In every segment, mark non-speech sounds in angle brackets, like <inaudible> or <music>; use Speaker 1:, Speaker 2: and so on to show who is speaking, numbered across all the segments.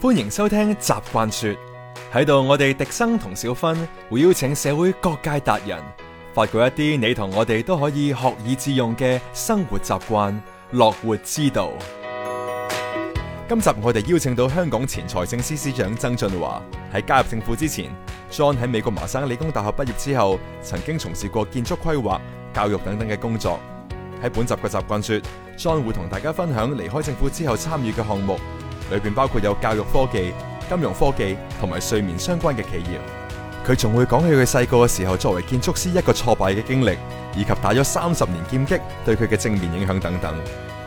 Speaker 1: 歡迎收聽習慣說，喺度我哋迪生同小芬會邀請社會各界達人，發掘一啲你同我哋都可以學以致用嘅生活習慣、樂活之道。今集我哋邀請到香港前財政司司長曾俊華，喺加入政府之前，John 喺美國麻省理工大學畢業之後，曾經從事過建築規劃、教育等等嘅工作。喺本集嘅習慣說，John 會同大家分享離開政府之後參與嘅項目。裏邊包括有教育科技、金融科技同埋睡眠相關嘅企業。佢仲會講起佢細個嘅時候作為建築師一個挫敗嘅經歷，以及打咗三十年劍擊對佢嘅正面影響等等。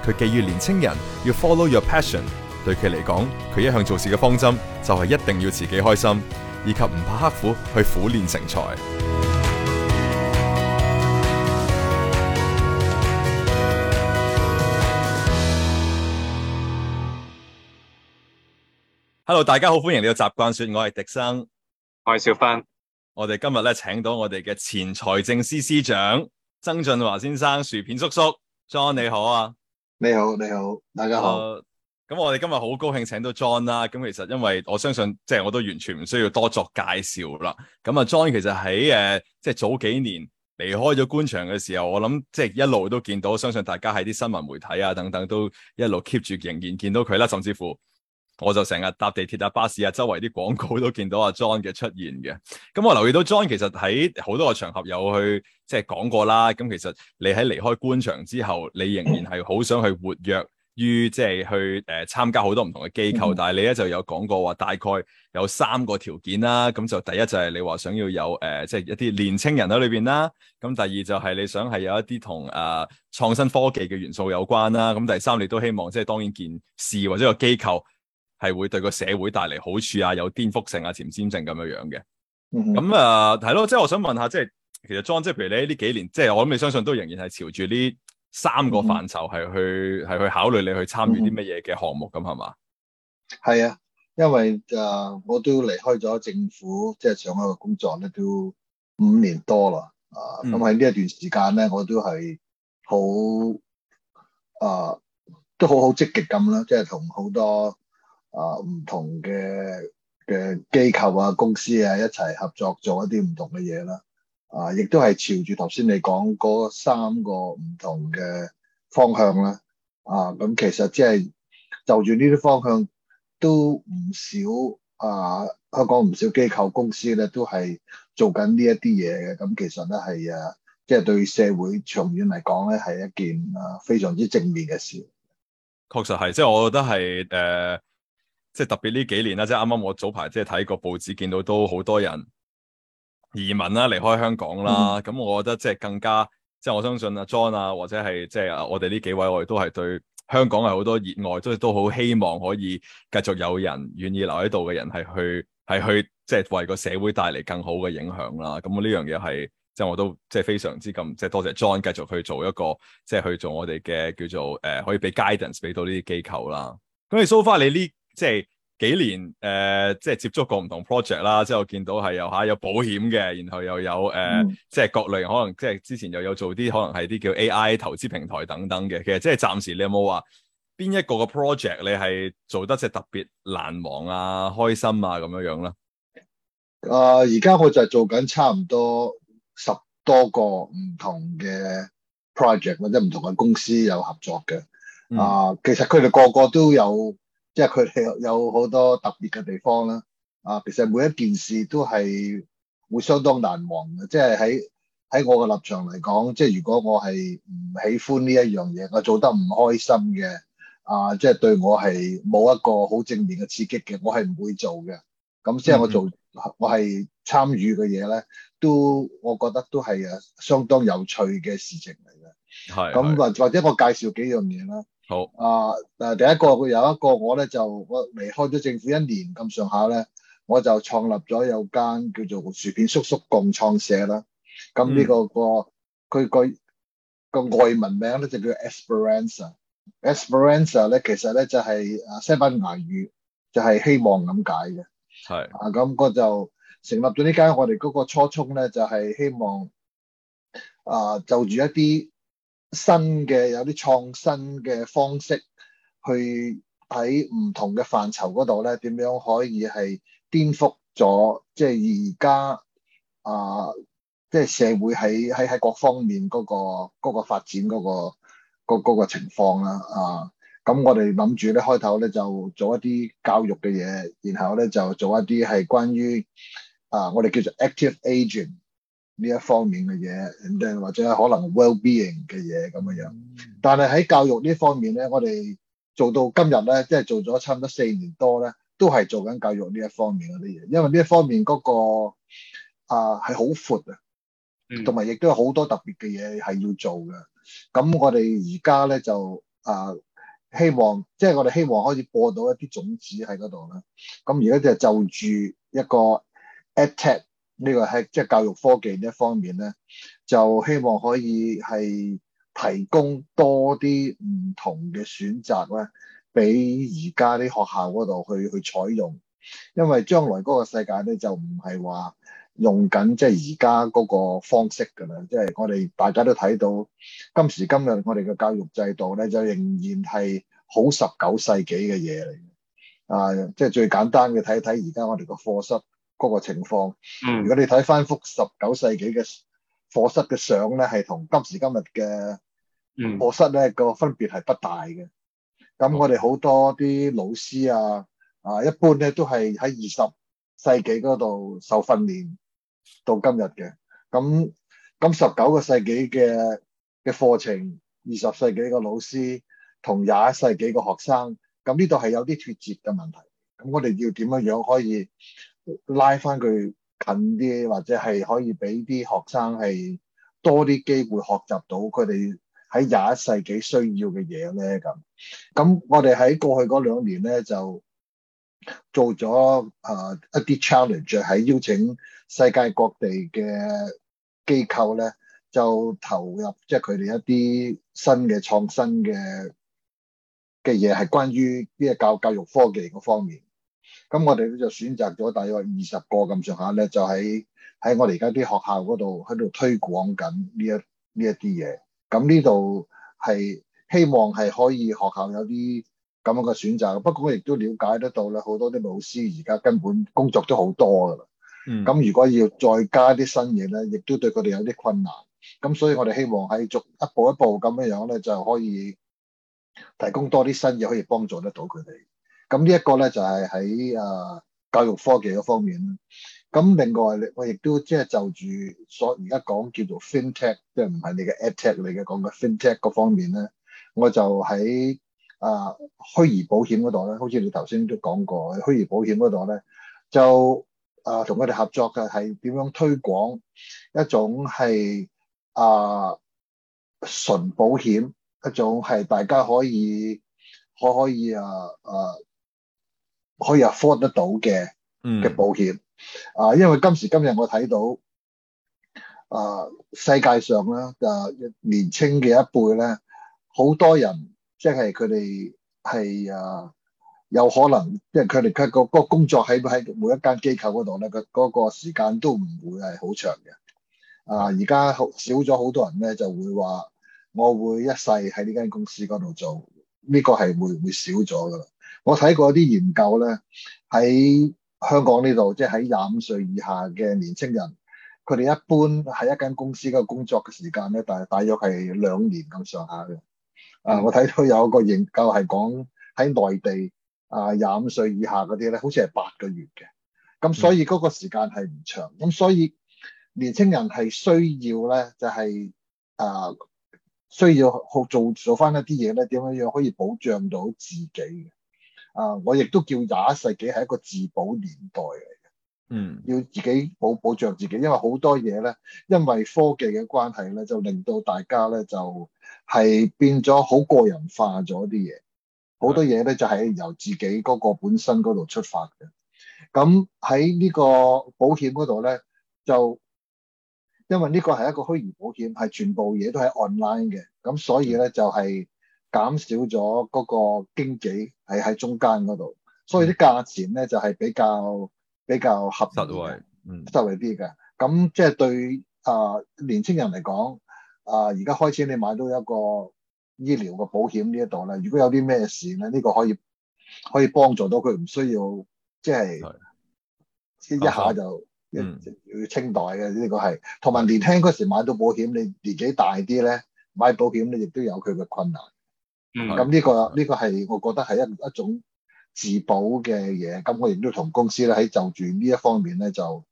Speaker 1: 佢寄語年青人要 you follow your passion，對佢嚟講，佢一向做事嘅方針就係一定要自己開心，以及唔怕刻苦去苦練成才。hello，大家好，歡迎嚟到習慣說，我係迪生，我係小芬，我哋今日咧請到我哋嘅前財政司司長曾俊華先生，薯片叔叔 John，你好啊，
Speaker 2: 你好，你好，大家好。
Speaker 1: 咁、uh, 我哋今日好高興請到 John 啦。咁其實因為我相信，即係我都完全唔需要多作介紹啦。咁啊，John 其實喺誒即係早幾年離開咗官場嘅時候，我諗即係一路都見到，相信大家喺啲新聞媒體啊等等都一路 keep 住仍然見到佢啦，甚至乎。我就成日搭地鐵啊、巴士啊，周圍啲廣告都見到阿 John 嘅出現嘅。咁我留意到 John 其實喺好多個場合有去即係、就是、講過啦。咁其實你喺離開官場之後，你仍然係好想去活躍於即係、就是、去誒、呃、參加好多唔同嘅機構。嗯、但係你呢就有講過話，大概有三個條件啦。咁就第一就係你話想要有誒即係一啲年輕人喺裏邊啦。咁第二就係你想係有一啲同誒創新科技嘅元素有關啦。咁第三你都希望即係、就是、當然件事或者個機構。係會對個社會帶嚟好處、嗯、哼啊，有顛覆性啊、前瞻性咁樣樣嘅。咁啊，係咯，即係我想問下，即係其實 John，即譬如你呢幾年，即係我諗你相信都仍然係朝住呢三個範疇係去係去考慮你去參與啲乜嘢嘅項目咁係嘛？
Speaker 2: 係啊、嗯哼，吧因為啊、呃，我都離開咗政府，即、就、係、是、上一個工作咧都五年多啦。啊、呃，咁喺呢一段時間咧，我都係好啊，都好好積極咁啦，即係同好多。啊，唔同嘅嘅機構啊、公司啊一齊合作做一啲唔同嘅嘢啦。啊，亦都係朝住頭先你講嗰三個唔同嘅方向啦。啊，咁其實即係就住呢啲方向都唔少啊，香港唔少機構公司咧都係做緊呢一啲嘢嘅。咁、啊、其實咧係誒，即係、啊就是、對社會長遠嚟講咧係一件啊非常之正面嘅事。確實
Speaker 1: 係，即、就、係、是、我覺得係誒。Uh 即係特別呢幾年啦，即係啱啱我早排即係睇個報紙，見到都好多人移民啦，離開香港啦。咁，嗯，我覺得即係更加，即係我相信阿 John 啊，或者係即係啊我哋呢幾位，我哋都係對香港係好多熱愛，都都好希望可以繼續有人願意留喺度嘅人係去係去即係為個社會帶嚟更好嘅影響啦。咁呢樣嘢係即係我都即係非常之咁，即係多謝 John 繼續去做一個，即係去做我哋嘅叫做誒，可以俾 guidance 俾到呢啲機構啦。咁你 so far 你呢？即係幾年誒、呃，即係接觸過唔同 project 啦，即係我見到係有吓、啊、有保險嘅，然後又有誒，呃嗯、即係各類可能，即係之前又有做啲可能係啲叫 AI 投資平台等等嘅。其實即係暫時你有冇話邊一個嘅 project 你係做得即係特別難忘啊、開心啊咁樣樣咧？
Speaker 2: 誒、呃，而家我就係做緊差唔多十多個唔同嘅 project 或者唔同嘅公司有合作嘅。啊、呃，嗯、其實佢哋個個都有。即係佢哋有好多特別嘅地方啦，啊，其實每一件事都係會相當難忘嘅。即係喺喺我嘅立場嚟講，即係如果我係唔喜歡呢一樣嘢，我做得唔開心嘅，啊，即係對我係冇一個好正面嘅刺激嘅，我係唔會做嘅。咁即係我做、mm hmm. 我係參與嘅嘢咧，都我覺得都係啊相當有趣嘅事情嚟嘅。
Speaker 1: 係
Speaker 2: 的，咁或或者我介紹幾樣嘢啦。好啊、uh, 呃！第一個，佢有一個，我咧就我離開咗政府一年咁上下咧，我就創立咗有間叫做薯片叔叔共創社啦。咁呢、這個、嗯、個佢個個外文名咧就叫 Esperanza、mm。Hmm. Esperanza 咧其實咧就係、是、西班牙語，就係、是、希望咁解嘅。係是啊，咁我就成立咗呢間，我哋嗰個初衷咧就係、是、希望啊、呃、就住一啲。新嘅有啲創新嘅方式，去喺唔同嘅範疇嗰度咧，點樣可以係顛覆咗即係而家啊，即係、呃、社會喺喺喺各方面嗰、嗰個嗰、嗰個、發展嗰、嗰個嗰、嗰個嗰個、情況啦。啊！咁我哋諗住咧開頭咧就做一啲教育嘅嘢，然後咧就做一啲係關於啊、呃，我哋叫做 active ageing 呢一方面嘅嘢，或者可能 well-being 嘅嘢咁樣樣，但係喺教育呢方面咧，我哋做到今日咧，即係做咗差唔多四年多咧，都係做緊教育呢一方面嗰啲嘢，因為呢一方面嗰、嗰個啊係好闊啊，同埋亦都有好多特別嘅嘢係要做嘅。咁、嗯、我哋而家咧就啊希望，即係我哋希望可以播到一啲種子喺嗰度啦。咁而家就就住一個 EdTech。呢個係即係教育科技呢一方面咧，就希望可以係提供多啲唔同嘅選擇咧，俾而家啲學校嗰度去去採用，因為將來嗰個世界咧就唔係話用緊即係而家嗰個方式㗎啦，即係我哋大家都睇到今時今日我哋嘅教育制度咧就仍然係好十九世紀嘅嘢嚟，啊，即係最簡單嘅睇一睇而家我哋個課室。嗰個情況，如果你睇翻幅十九世紀嘅課室嘅相咧，係同今時今日嘅課室咧，個分別係不大嘅。咁我哋好多啲老師啊，啊一般咧都係喺二十世紀嗰度受訓練到今日嘅。咁咁十九個世紀嘅嘅課程，二十世紀個老師同廿一世紀個學生，咁呢度係有啲脫節嘅問題。咁我哋要點樣樣可以？拉翻佢近啲，或者係可以俾啲學生係多啲機會學習到佢哋喺廿一世紀需要嘅嘢咧。咁，咁我哋喺過去嗰兩年咧就做咗誒一啲 challenge，喺邀請世界各地嘅機構咧就投入，即係佢哋一啲新嘅創新嘅嘅嘢，係關於呢個教教育科技嗰方面。咁我哋咧就選擇咗大約二十個咁上下咧，就喺喺我哋而家啲學校嗰度喺度推廣緊呢一呢一啲嘢。咁呢度係希望係可以學校有啲咁樣嘅選擇。不過我亦都了解得到啦，好多啲老師而家根本工作都好多噶啦。咁、嗯、如果要再加啲新嘢咧，亦都對佢哋有啲困難。咁所以我哋希望喺逐一步一步咁樣樣咧，就可以提供多啲新嘢，可以幫助得到佢哋。咁呢一個咧就係喺誒教育科技嗰方面。咁另外，我亦都即係就住所而家講叫做 FinTech，即係唔係你嘅 EdTech 嚟嘅講嘅 FinTech 嗰方面咧，我就喺誒虛擬保險嗰度咧，好似你頭先都講過，虛擬保險嗰度咧就誒同佢哋合作嘅係點樣推廣一種係誒、呃、純保險，一種係大家可以可可以誒誒。呃可以 afford 得到嘅嘅保險、嗯、啊，因為今時今日我睇到啊，世界上咧就、啊、年青嘅一輩咧，好多人即係佢哋係啊，有可能即係佢哋佢個個工作喺喺每一間機構嗰度咧，個、那、嗰個時間都唔會係好長嘅啊！而家少咗好多人咧，就會話我會一世喺呢間公司嗰度做，呢、這個係會唔會少咗噶啦。我睇過啲研究咧，喺香港呢度，即係喺廿五歲以下嘅年青人，佢哋一般喺一間公司嘅工作嘅時間咧，大大約係兩年咁上下嘅。啊、嗯，我睇到有一個研究係講喺內地，啊廿五歲以下嗰啲咧，好似係八個月嘅。咁所以嗰個時間係唔長，咁所以年青人係需要咧，就係、是、啊需要做做翻一啲嘢咧，點樣樣可以保障到自己嘅。啊！我亦都叫廿一世紀，係一個自保年代嚟嘅，嗯，要自己保保障自己，因為好多嘢咧，因為科技嘅關係咧，就令到大家咧就係、是、變咗好個人化咗啲嘢，好多嘢咧就係、是、由自己嗰個本身嗰度出發嘅。咁喺呢個保險嗰度咧，就因為呢個係一個虛擬保險，係全部嘢都係 online 嘅，咁所以咧就係、是。減少咗嗰個經紀係喺中間嗰度，所以啲價錢咧就係、是、比較比較合實惠，嗯實惠啲嘅。咁即係對啊、呃、年青人嚟講啊，而、呃、家開始你買到一個醫療嘅保險呢一度咧，如果有啲咩事咧，呢、這個可以可以幫助到佢，唔需要即係一、啊、一下就、嗯、要清袋嘅呢個係。同埋年輕嗰時買到保險，你年紀大啲咧買保險，你亦都有佢嘅困難。嗯，咁呢、嗯這個呢是個係我覺得係一一種自保嘅嘢，咁我亦都同公司咧喺就住呢一方面咧，就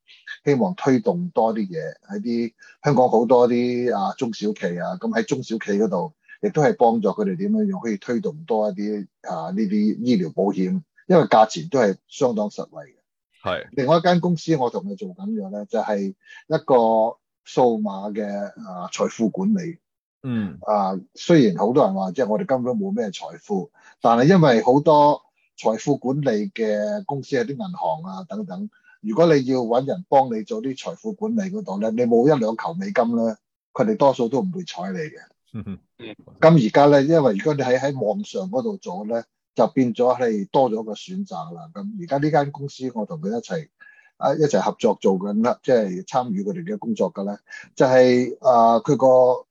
Speaker 2: 希望推動多啲嘢喺啲香港好多啲啊中小企啊，咁喺中小企嗰度亦都係幫助佢哋點樣用可以推動多一啲啊呢啲醫療保險，因為價錢都係相當實惠嘅。係是，另外一間公司我同佢做緊樣咧，就係一個數碼嘅啊財富管理。嗯啊，雖然好多人話即係我哋根本冇咩財富，但係因為好多財富管理嘅公司、有啲銀行啊等等，如果你要搵人幫你做啲財富管理嗰度咧，你冇一兩球美金咧，佢哋多數都唔會睬你嘅。咁而家咧，因為如果你喺喺網上嗰度做咧，就變咗係多咗個選擇啦。咁而家呢間公司我同佢一齊啊一齊合作做緊啦，即係參與佢哋嘅工作嘅咧，就係啊佢個。呃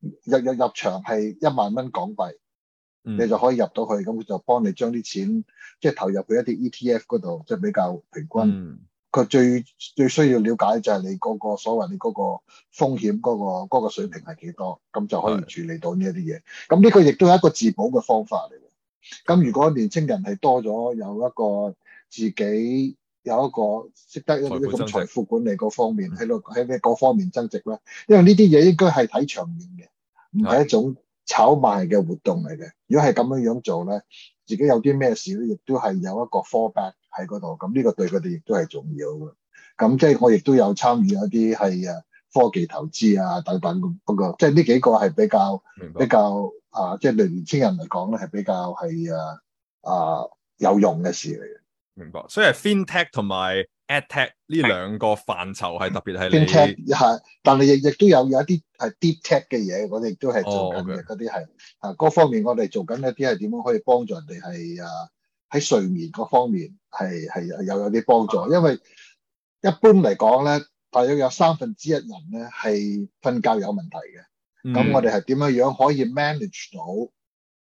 Speaker 2: 入入入場係一萬蚊港幣，嗯、你就可以入到去，咁佢就幫你將啲錢即係投入去一啲 ETF 嗰度，即係比較平均。佢、嗯、最最需要了解就係你嗰個所謂你嗰個風險嗰、嗰個、嗰個水平係幾多，咁就可以處理到呢啲嘢。咁呢是個亦都係一個自保嘅方法嚟。咁如果年青人係多咗，有一個自己有一個識得一啲咁財富管理嗰方面喺度喺咩各方面增值咧？因為呢啲嘢應該係睇長遠嘅。唔係一種炒賣嘅活動嚟嘅。如果係咁樣樣做咧，自己有啲咩事咧，亦都係有一個 fallback 喺嗰度。咁呢個對佢哋亦都係重要嘅。咁即係我亦都有參與一啲係啊科技投資啊等等。不過、那個、即係呢幾個係比較明白比較啊、呃，即係對年青人嚟講咧係比較係啊啊有用嘅
Speaker 1: 事嚟嘅。所以係 FinTech 同埋 EdTech 呢兩個範疇係特別係你，
Speaker 2: 係，但係亦亦都有有一啲係 DeepTech 嘅嘢，我哋亦都係做緊嘅嗰啲係啊，嗰、oh, okay. 方面我哋做緊一啲係點樣可以幫助人哋係啊喺睡眠嗰方面係係有有啲幫助，uh huh. 因為一般嚟講咧，大約有三分之一人咧係瞓覺有問題嘅，咁我哋係點樣樣可以 manage 到？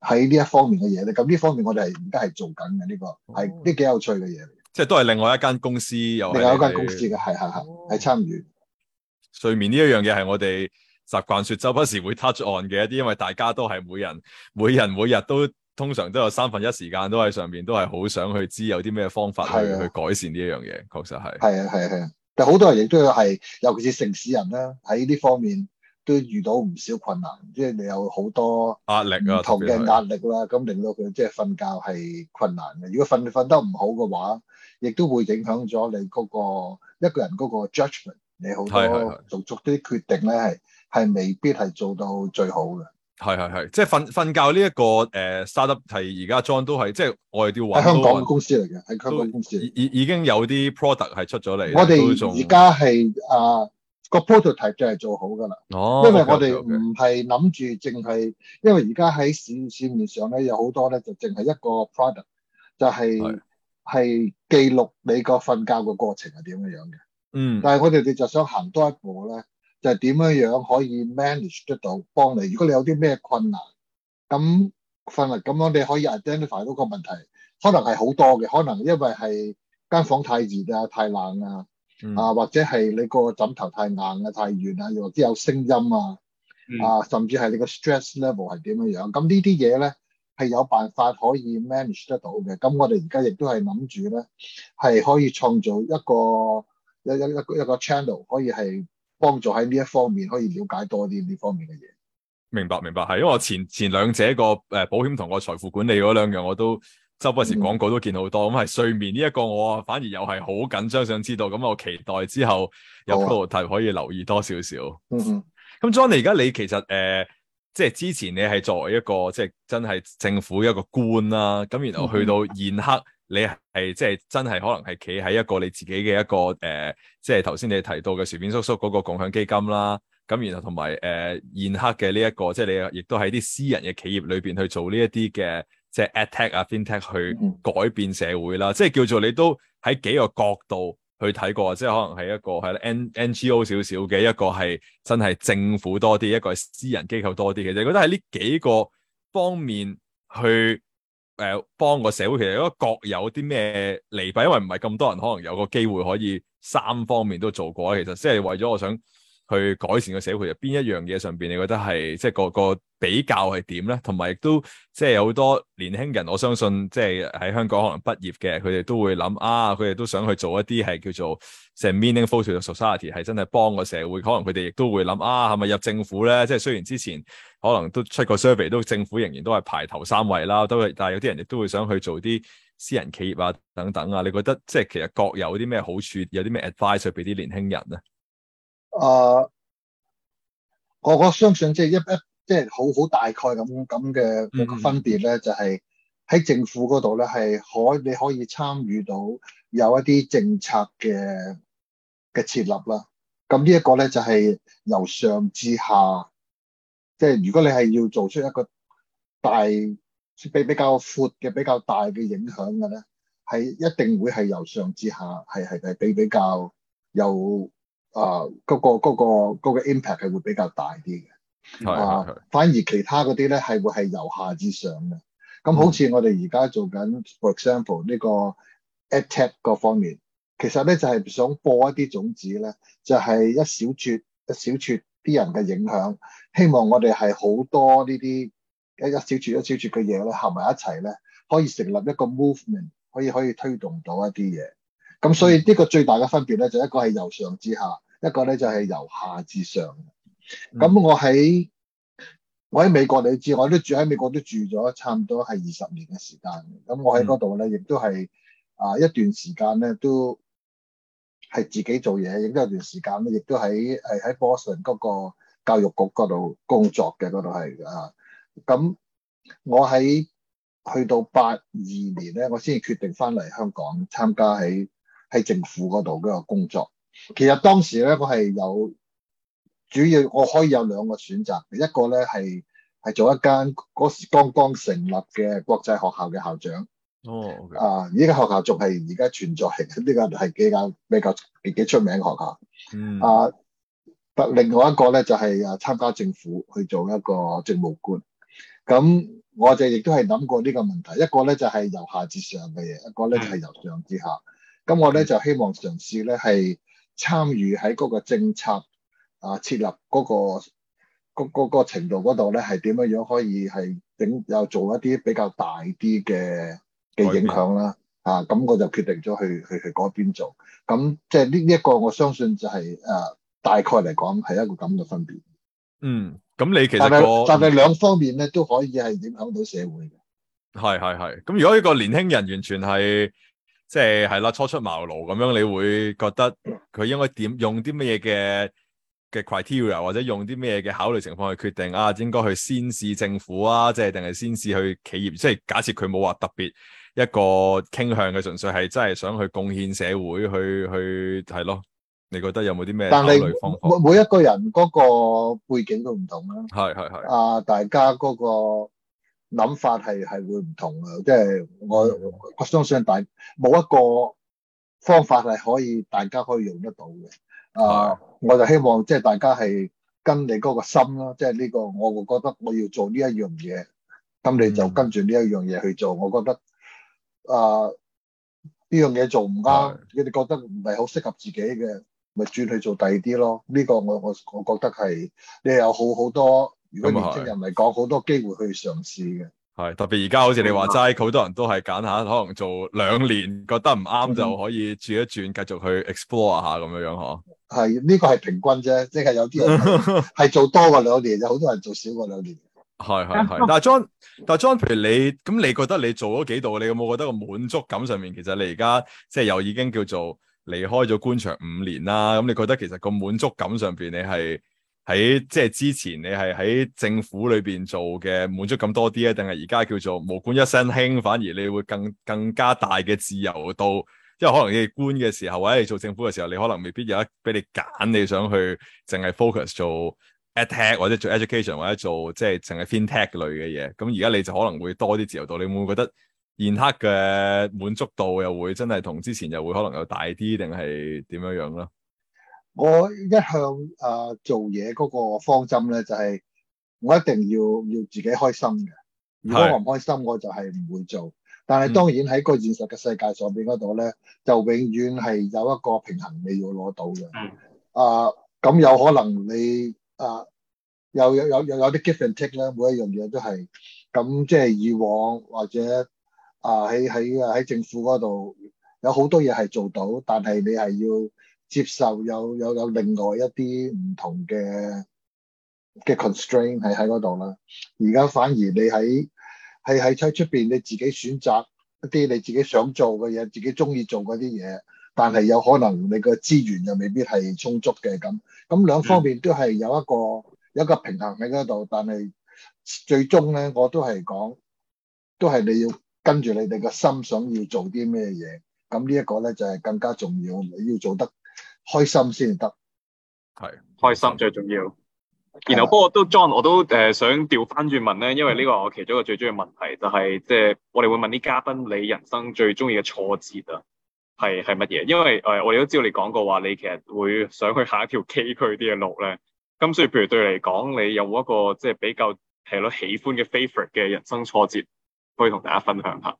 Speaker 2: 喺呢一方面嘅嘢咧，咁呢方面我哋係而家係做緊嘅呢個，係呢幾有趣嘅嘢嚟。
Speaker 1: 即係都係另外一間公司有，另外一間公司嘅，係係係係參與睡眠呢一樣嘢，係我哋習慣說周不時會 touch on 嘅一啲，因為大家都係每人每人每日都通常都有三分一時間都喺上面，都係好想去知有啲咩方法去去改善呢一樣嘢，確實係。係
Speaker 2: 啊係啊係啊，但好多人亦都要係，尤其是城市人啦，喺呢方面。都遇到唔少困難，即係你有好多壓力、
Speaker 1: 啊、壓力，唔同嘅壓力
Speaker 2: 啦，咁令到佢即係瞓覺係困難嘅。如果瞓瞓得唔好嘅話，亦都會影響咗你嗰、嗰個一個人嗰個 judgment 你好多是是是做足啲決定咧，係係未必係做到最好
Speaker 1: 嘅。係係係，即係瞓瞓覺呢、這、一個誒 startup，而家裝都係即係我哋運喎。就是、都香港公司嚟嘅，喺香港公司嚟嘅。已已經有啲 product 係出咗嚟。我哋而
Speaker 2: 家係啊。個 prototype 就係做好㗎啦，
Speaker 1: 因為我哋唔
Speaker 2: 係諗住淨係，因為而家喺市市面上咧有好多咧就淨係一個 product，就係係記錄你個瞓覺嘅過程係點樣樣嘅。嗯，mm. 但係我哋哋就想行多一步咧，就點樣樣可以 manage 得到幫你。如果你有啲咩困難，咁瞓落咁樣你可以 identify 嗰個問題，可能係好多嘅，可能因為係間房太熱啊、太冷啊。啊，或者係你個枕頭太硬啊、太軟啊，又或者有聲音啊，啊，甚至係你個 stress level 係點樣樣，咁呢啲嘢咧係有辦法可以 manage 得到嘅。咁我哋而家亦都係諗住咧，係可以創造一個有有有一個，個 channel，可以係幫助喺呢一方面可以了解多啲呢方面嘅嘢。
Speaker 1: 明白，明白，係因為我前前兩者個誒保險同個財富管理嗰兩樣，我都。周不時廣告都見好多，咁係、mm hmm. 睡眠呢一個我反而又係好緊張想知道，咁我期待之後有課題可以留意多少少。咁、mm hmm. John，而家你其實誒，即、呃、係、就是、之前你係作為一個即係、就是、真係政府一個官啦、啊，咁然後去到現刻你，你係即係真係可能係企喺一個你自己嘅一個誒，即係頭先你提到嘅薯片叔叔嗰個共享基金啦，咁然後同埋誒現刻嘅呢一個即係你亦都喺啲私人嘅企業裏邊去做呢一啲嘅。即係 ed tech 啊，fintech 去改變社會啦，即係叫做你都喺幾個角度去睇過，即係可能係一個係 N N G O 少少嘅，一個係真係政府多啲，一個係私人機構多啲嘅，就覺得喺呢幾個方面去誒幫，呃、個社會，其實一個各有啲咩利弊？因為唔係咁多人可能有個機會可以三方面都做過啊，其實即係為咗我想。去改善個社會，入邊一樣嘢上邊你覺得係即係個個比較係點咧？同埋亦都即係、就是、有好多年輕人，我相信即係喺香港可能畢業嘅，佢哋都會諗啊，佢哋都想去做一啲係叫做成 meaningful society，係真係幫個社會。可能佢哋亦都會諗啊，係咪入政府咧？即係雖然之前可能都出過 survey，都政府仍然都係排頭三位啦。都係，但係有啲人亦都會想去做啲私人企業啊等等啊。你覺得即係、就是、其實各有啲咩好處，有啲咩 advice 去俾啲年輕人咧？
Speaker 2: 啊！我、uh, 我相信即係一一即係好好大概咁咁嘅分別咧，mm hmm. 就係喺政府嗰度咧，係可你可以參與到有一啲政策嘅嘅設立啦。咁呢一個咧就係、是、由上至下，即、就、係、是、如果你係要做出一個大比比較闊嘅比較大嘅影響嘅咧，係一定會係由上至下，係係係比比較有。啊，嗰、uh, 嗰個、嗰個、嗰個 impact 係會比較大啲嘅，啊，反而其他嗰啲咧係會係由下至上嘅。咁好似我哋而家做緊 <noise> ，for example 呢個 attack 嗰方面，其實咧就係、係、想播一啲種子咧，就係、係、一,一,一小撮一小撮啲人嘅影響，希望我哋係好多呢啲一一小撮一小撮嘅嘢咧，合埋一齊咧，可以成立一個 movement，可以可以推動到一啲嘢。咁所以呢個最大嘅分別咧，就一個係由上至下，一個咧就係由下至上。咁我喺、嗯、我喺美國，你知我都住喺美國，都住咗差唔多係二十年嘅時間。咁我喺嗰度咧，亦都係啊一段時間咧，都係自己做嘢。亦都有一段時間咧，亦都喺誒喺 Boston 嗰個教育局嗰度工作嘅嗰度係啊。咁我喺去到八二年咧，我先決定翻嚟香港參加喺。喺政府嗰度嗰個工作，其實當時咧，我係有主要我可以有兩個選擇，一個咧係係做一間嗰時剛剛成立嘅國際學校嘅校長。哦，oh, okay. 啊，依家學校仲係而家存在，係呢個係比較比較幾出名嘅學校。Mm. 啊，但另外一個咧就係啊參加政府去做一個政務官。咁我哋亦都係諗過呢個問題，一個咧就係由下至上嘅嘢，一個咧就係由上至下。咁我咧就希望嘗試咧係參與喺嗰個政策啊設立嗰、嗰個嗰個程度嗰度咧係點樣樣可以係整又做一啲比較大啲嘅嘅影響啦變啊！咁我就決定咗去去去嗰邊做。咁即係呢一個，我相信就係、是、誒、啊、大概嚟講係一個咁嘅分別。嗯，
Speaker 1: 咁你其實、嗰個但係兩
Speaker 2: 方面咧都可以係影響到社會
Speaker 1: 嘅。係係係。咁如果呢個年輕人完全係。即係係啦，初出茅廬咁樣，你會覺得佢應該點用啲乜嘢嘅嘅 criteria，或者用啲咩嘢嘅考慮情況去決定啊？應該去先試政府啊，即係定係先試去企業？即係假設佢冇話特別一個傾向嘅，純粹係真係想去貢獻社會，去去係咯？你覺得有冇啲咩考慮方
Speaker 2: 法？每一個人嗰個背景都唔同啦，係係係啊，大家嗰個。諗法係係會唔同嘅，即、就、係、是、我、mm. 我相信大冇一個方法係可以大家可以用得到嘅。啊、
Speaker 3: uh,，mm.
Speaker 2: 我就希望即係、就是、大家係跟你嗰、就是這個心咯，即係呢個我我覺得我要做呢一樣嘢，咁你就跟住呢一樣嘢去做。我覺得啊呢樣嘢做唔啱，你哋覺得唔係好適合自己嘅，咪轉去做第二啲咯。呢個我我我覺得係你有好好多。如果年輕人嚟講，好、就是、
Speaker 1: 多機會去嘗試嘅，係特別而家好似你話齋，好、嗯、多人都係揀下，可能做兩年覺得唔啱，嗯、就可以轉一轉，繼續去 explore 下咁樣樣嗬。
Speaker 2: 係呢、這個係平均啫，即、就、係、是、有啲人係 <laughs> 做多過兩年，有好多人做少過兩年。
Speaker 1: 係係係，但係 John，但係 John，譬如，你咁，你覺得你做咗幾度？你有冇覺得個滿足感上面？其實你而家即係又已經叫做離開咗官場五年啦。咁你覺得其實個滿足感上邊，你係？喺即係之前，你係喺政府裏邊做嘅滿足感多啲咧，定係而家叫做無官一身輕，反而你會更更加大嘅自由度。因為可能你官嘅時候或者你做政府嘅時候，你可能未必有得俾你揀，你想去淨係 focus 做 ed tech 或者做 education 或者做即係淨係 fintech 類嘅嘢。咁而家你就可能會多啲自由度，你會唔會覺得現刻嘅滿足度又會真係同之前又會可能又大啲，定係點樣樣咯？
Speaker 2: 我一向啊、呃、做嘢嗰個方針咧，就係、是、我一定要要自己開心嘅。
Speaker 4: 如果我唔
Speaker 2: 開心，我就係唔會做。但係當然喺個現實嘅世界上面嗰度咧，嗯、就永遠係有一個平衡你要攞到嘅。嗯、啊，咁有可能你啊有有有有有啲 give and take 咧，每一樣嘢都係。咁即係以往或者啊喺喺喺政府嗰度有好多嘢係做到，但係你係要接受有有有另外一啲唔同嘅嘅 constraint 係喺度啦。而家反而你喺係喺出出邊你自己選擇一啲你自己想做嘅嘢，自己中意做啲嘢，但係有可能你個資源又未必係充足嘅咁。咁兩方面都係有一個有一個平衡喺嗰度，但係最終咧，我都係講都係你要跟住你哋個心想要做啲咩嘢。咁呢一個咧就係更加重要，你要做得。開心先得，
Speaker 4: 係是開心是最重要。然後的不過都 John，我都誒、呃、想調翻轉問咧，因為呢個我其中一個最中意嘅問題，嗯、就係即係我哋會問啲嘉賓，你人生最中意嘅挫折啊，係係乜嘢？因為誒、呃、我哋都知道你講過話，你其實會想去下一條崎嶇啲嘅路咧。咁所以譬如對你嚟講，你有冇一個即係比較係咯喜歡嘅 favorite 嘅人生挫折，可以同大家分享下？啊、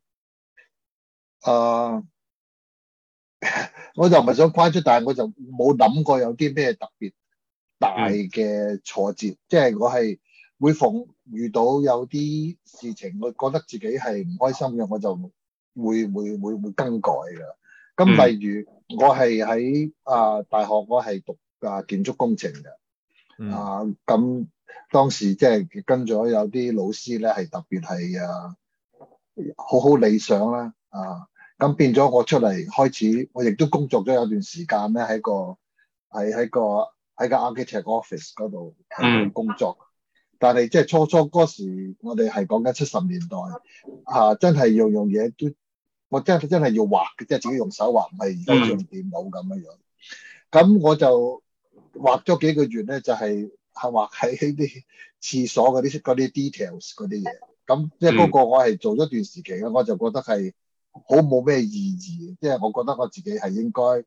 Speaker 4: 嗯。
Speaker 2: 嗯 <laughs> 我就唔係想誇出，但係我就冇諗過有啲咩特別大嘅挫折，嗯、即係我係每逢遇到有啲事情，我覺得自己係唔開心嘅，嗯、我就會會會會更改噶。咁、嗯、例如我係喺啊大學，我係讀啊建築工程嘅、嗯、啊，咁當時即係跟咗有啲老師咧，係特別係啊好好理想啦啊。咁變咗我出嚟開始，我亦都工作咗有段時間咧，喺個喺喺個喺個 architect office 嗰度工作。Mm hmm. 但係即係初初嗰時，我哋係講緊七十年代嚇、啊，真係樣樣嘢都，我真真係要畫嘅，即係自己用手畫，唔係而家用電腦咁樣。咁、mm hmm. 我就畫咗幾個月咧，就係係畫喺啲廁所嗰啲啲 details 嗰啲嘢。咁即係嗰個我係做咗段時期咧，我就覺得係，好冇咩意義，即係我覺得我自己係應該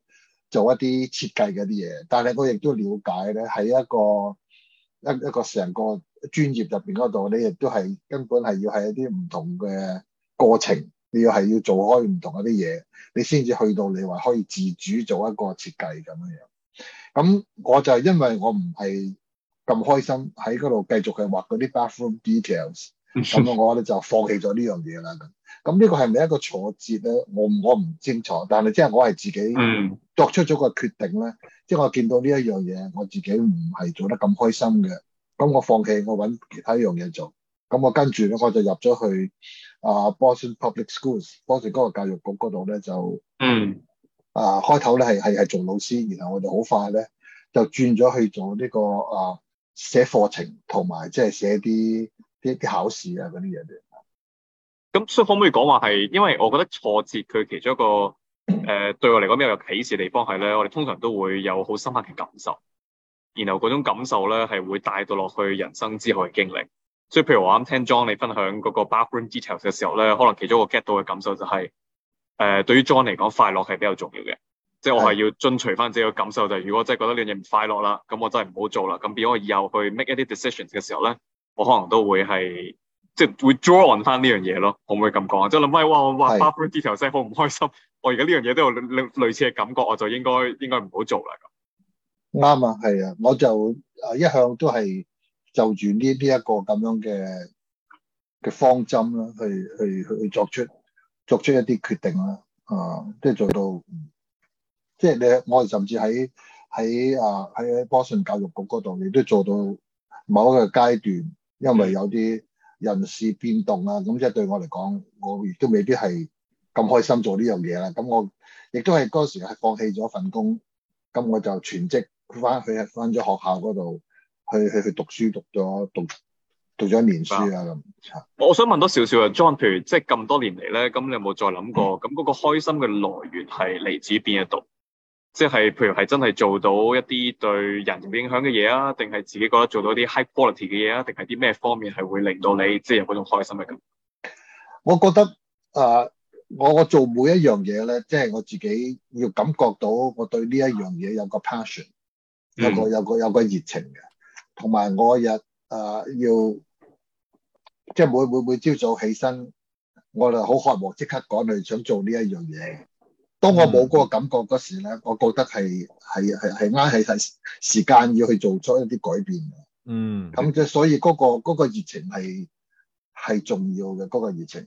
Speaker 2: 做一啲設計嗰啲嘢，但係我亦都了解咧，喺一個一一個成個專業入邊嗰度，你亦都係根本係要係一啲唔同嘅過程，你要係要做開唔同嗰啲嘢，你先至去到你話可以自主做一個設計咁樣樣。咁我就係因為我唔係咁開心喺嗰度繼續去畫嗰啲 bathroom details，咁我咧就放棄咗呢樣嘢啦。 <laughs> 咁呢個係咪一個挫折咧？我我唔清楚，但係即係我係自己作出咗個決定咧。Mm. 即係我見到呢一樣嘢，我自己唔係做得咁開心嘅，咁我放棄，我揾其他一樣嘢做。咁我跟住咧，我就入咗去啊波士頓 Public Schools，波士頓嗰個教育局嗰度咧就、mm. 啊開頭咧係係係做老師，然後我哋就好快咧就轉咗去做呢、呢個啊寫課程同埋即係寫啲啲啲考試啊嗰啲嘢。
Speaker 4: 咁所以可唔可以講話係？因為我覺得挫折佢其中一個誒、呃、對我嚟講，比較有啟示地方係咧，我哋通常都會有好深刻嘅感受，然後嗰種感受咧係會帶到落去人生之後嘅經歷。所以譬如我啱聽 John 你分享嗰個 bathroom details 嘅時候咧，可能其中一個 get 到嘅感受就係、是、誒、呃、對於 John 嚟講，快樂係比較重要嘅，即係我係要遵從翻自己嘅感受。就係、是、如果真係覺得你哋唔快樂啦，咁我真係唔好做啦。咁變咗我以後去 make 一啲 decisions 嘅時候咧，我可能都會係。即係會 draw on 翻呢樣嘢咯，可唔可以咁講啊？即係諗翻，哇！哇的我話 bathroom detail 真係好唔開心，我而家呢樣嘢都有類類似嘅感覺，我就應該應該唔好做啦咁。
Speaker 2: 啱啊，係啊，我就啊一向都係就住呢呢一個咁樣嘅嘅方針啦，去去去作出作出一啲決定啦，啊，即係做到，即係你我甚至喺喺啊喺喺波信教育局嗰度，你都做到某一個階段，因為有啲。嗯人事變動啊，咁即係對我嚟講，我亦都未必係咁開心做呢樣嘢啦。咁我亦都係嗰時係放棄咗份工，咁我就全職翻去翻咗學校嗰度去去去讀書，讀咗讀讀咗一年書啊咁。
Speaker 4: 我想問多少少啊，John，譬如即係咁多年嚟咧，咁你有冇再諗過？咁嗰、嗯、個開心嘅來源係嚟自邊一度？即係譬如係真係做到一啲對人影響嘅嘢啊，定係自己覺得做到啲 high quality 嘅嘢啊，定係啲咩方面係會令到你即係有嗰種開心嘅感覺？
Speaker 2: 我覺得誒、呃，我我做每一樣嘢咧，即係我自己要感覺到我對呢一樣嘢、嗯、有個 passion，有個有個有個熱情嘅，同埋我日誒要即係每每每朝早起身，我就好渴望即刻趕去想做呢一樣嘢。當我冇嗰個感覺嗰時咧，嗯、我覺得係係係係啱，係係時間要去做出一啲改變。嗯，咁即係所以嗰、那個嗰、那個熱情係係重要嘅，嗰、那個熱情。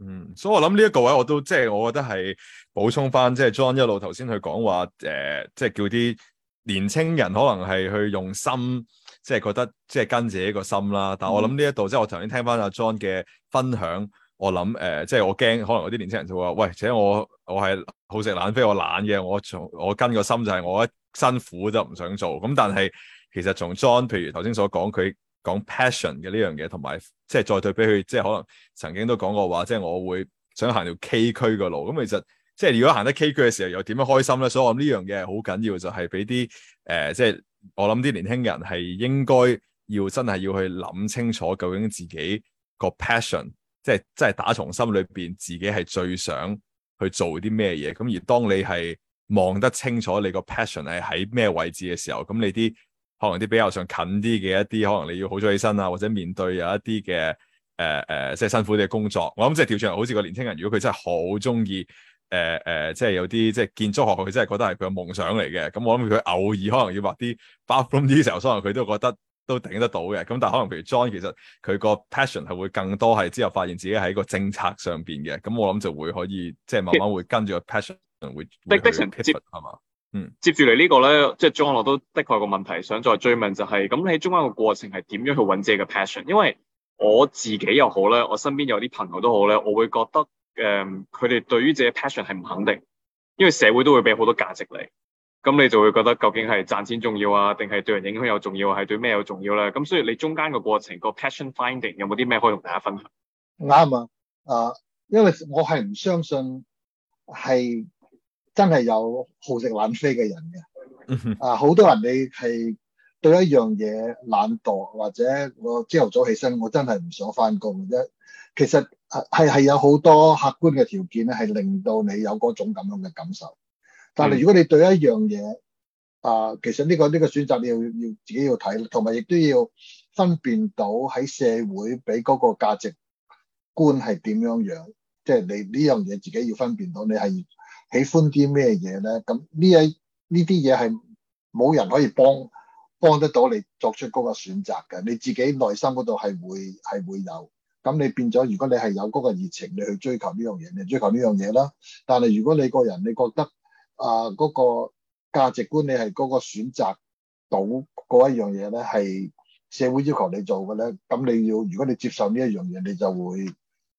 Speaker 2: 嗯，
Speaker 1: 所以我諗呢一個位我都即係、就是、我覺得係補充翻，即、就、係、是、John 一路頭先去講話誒，即、呃、係、就是、叫啲年青人可能係去用心，即、就、係、是、覺得即係、就是、跟自己個心啦。但係我諗呢一度即係我頭先聽翻阿 John 嘅分享。嗯嗯我諗誒、呃，即係我驚，可能有啲年輕人就話：喂，且我我係好食懶飛，我懶嘅，我從我跟個心就係我一辛苦就唔想做。咁但係其實從 John，譬如頭先所講，佢講 passion 嘅呢樣嘢，同埋即係再對比佢，即係可能曾經都講過話，即係我會想行條崎嶇個路。咁其實即係如果行得崎嶇嘅時候，又點樣開心咧？所以我諗呢樣嘢好緊要，就係俾啲誒，即係我諗啲年輕人係應該要真係要去諗清楚，究竟自己個 passion。即係即係打從心裏邊，自己係最想去做啲咩嘢。咁而當你係望得清楚你個 passion 係喺咩位置嘅時候，咁你啲可能啲比較上近啲嘅一啲，可能你要好早起身啊，或者面對有一啲嘅誒誒，即係辛苦啲嘅工作。我諗即係調轉，好似個年輕人，如果佢真係好中意誒誒，即、呃、係、呃就是、有啲即係建築學，佢真係覺得係佢嘅夢想嚟嘅。咁我諗佢偶爾可能要畫啲 bathroom 呢時候，可能佢都覺得。都頂得到嘅，咁但係可能譬如 John 其實佢個 passion 係會更多係之後發現自己喺個政策上邊嘅，咁我諗就會可以即係、就是、慢慢會跟住個 passion 接。廸生接係嘛？
Speaker 4: 嗯接，接住嚟呢個咧，即係 John 我都的確有個問題想再追問就係、是，咁喺中間個過程係點樣去揾自己嘅 passion？因為我自己又好咧，我身邊有啲朋友都好咧，我會覺得誒佢哋對於自己 passion 係唔肯定，因為社會都會俾好多價值嚟。咁你就會覺得究竟係賺錢重要啊，定係對人影響又重要，係對咩又重要咧？咁所以你中間個過程個 passion finding 有冇啲咩可以同大家分享？
Speaker 2: 啱啊，啊，因為我係唔相信係真係有好食懶飛嘅人嘅。 <laughs> 啊，好多人你係對一樣嘢懶惰，或者我朝頭早起身，我真係唔想返工啫。其實係係有好多客觀嘅條件咧，係令到你有嗰種咁樣嘅感受。但係如果你對一樣嘢，啊、呃，其實呢、呢個呢、呢個選擇你要要自己要睇，同埋亦都要分辨到喺社會俾嗰個價值觀係點樣樣，即、就、係、係、你呢樣嘢自己要分辨到你係喜歡啲咩嘢咧。咁呢一呢啲嘢係冇人可以幫幫得到你作出嗰個選擇嘅，你自己內心嗰度係會係會有。咁你變咗，如果你係有嗰個熱情，你去追求呢樣嘢，你追求呢樣嘢啦。但係如果你個人你覺得，啊，嗰、uh, 個價值觀你係嗰個選擇到嗰一樣嘢咧，係社會要求你做嘅咧，咁你要如果你接受呢一樣嘢，你就會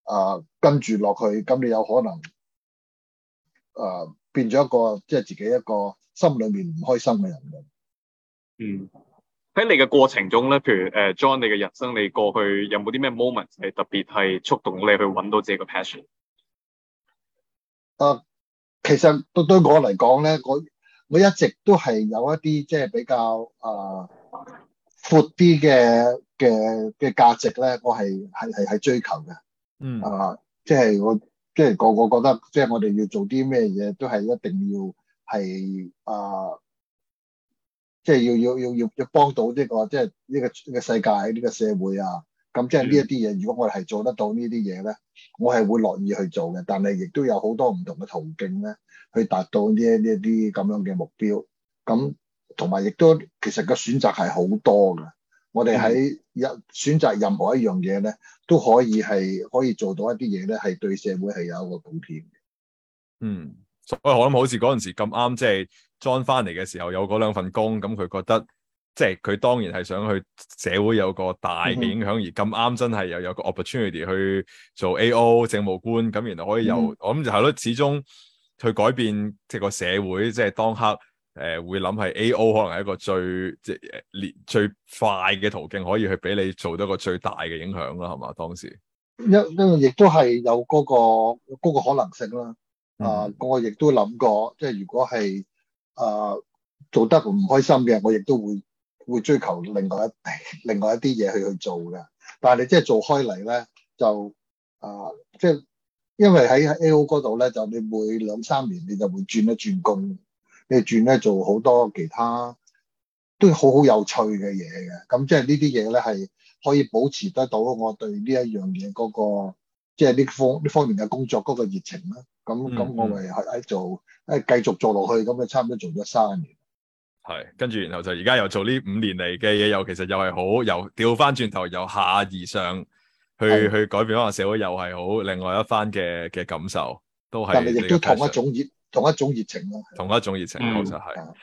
Speaker 2: 啊跟住落去，咁你有可能啊變咗一個即係自己一個心裏面唔開心嘅人嘅。嗯，
Speaker 4: 喺你嘅過程中咧，譬如誒、uh, John，你嘅人生你過去有冇啲咩 moment 係特別係觸動你去揾到自己嘅 passion？
Speaker 2: 啊。Uh, 其實對對我嚟講咧，我我一直都係有一啲即係比較啊闊啲嘅嘅嘅價值咧，我係係係係追求嘅，嗯啊，即係、呃即係、我即係、即係、個個覺得，即係我哋要做啲咩嘢都係一定要係啊，即、呃、係、即係、要要要要要幫到呢、呢個即係呢個呢個世界呢、呢個社會啊。咁即係呢一啲嘢，如果我哋係做得到呢啲嘢咧，我係會樂意去做嘅。但係亦都有好多唔同嘅途徑咧，去達到呢一啲啲咁樣嘅目標。咁同埋亦都其實個選擇係好多㗎。我哋喺任選擇任何一樣嘢咧，都可以係可以做到一啲嘢咧，係對社會係有一個貢獻嘅。嗯，
Speaker 1: 所以我諗好似嗰陣時咁啱，即係 John 返嚟嘅時候有嗰兩份工，咁佢覺得。即係佢當然係想去社會有個大嘅影響，mm hmm. 而咁啱真係又有個 opportunity 去做 A.O. 政務官，咁然後可以有，mm hmm. 我諗就係咯，始終去改變即係個社會，即係當刻誒、呃、會諗係 A.O. 可能係一個最即係連最快嘅途徑，可以去俾你做到個最大嘅影響啦，係嘛？當時
Speaker 2: 因因為亦都係有嗰、那個那個可能性啦，啊、mm hmm. 呃，我亦都諗過，即係如果係啊做得唔開心嘅，我亦都會。會追求另外一另外一啲嘢去去做嘅，但係你即係做開嚟咧，就啊，即係因為喺 A.O. 嗰度咧，就你每兩三年你就會轉一轉工，你轉咧做好多其他都好好有趣嘅嘢嘅。咁即係呢啲嘢咧係可以保持得到我對呢一樣嘢嗰個即係呢方呢方面嘅工作嗰個熱情啦。咁咁我咪喺做，誒繼續做落去，咁就差唔多做咗三年。
Speaker 1: 係，跟住然後就而家又做呢五年嚟嘅嘢，其是又其實又係好，又調翻轉頭由下而上去的去，去改變翻個社會又，又係好另外一番嘅嘅感受，都係。但係亦都同一種熱，同一種熱情咯，同一種熱情，確實係。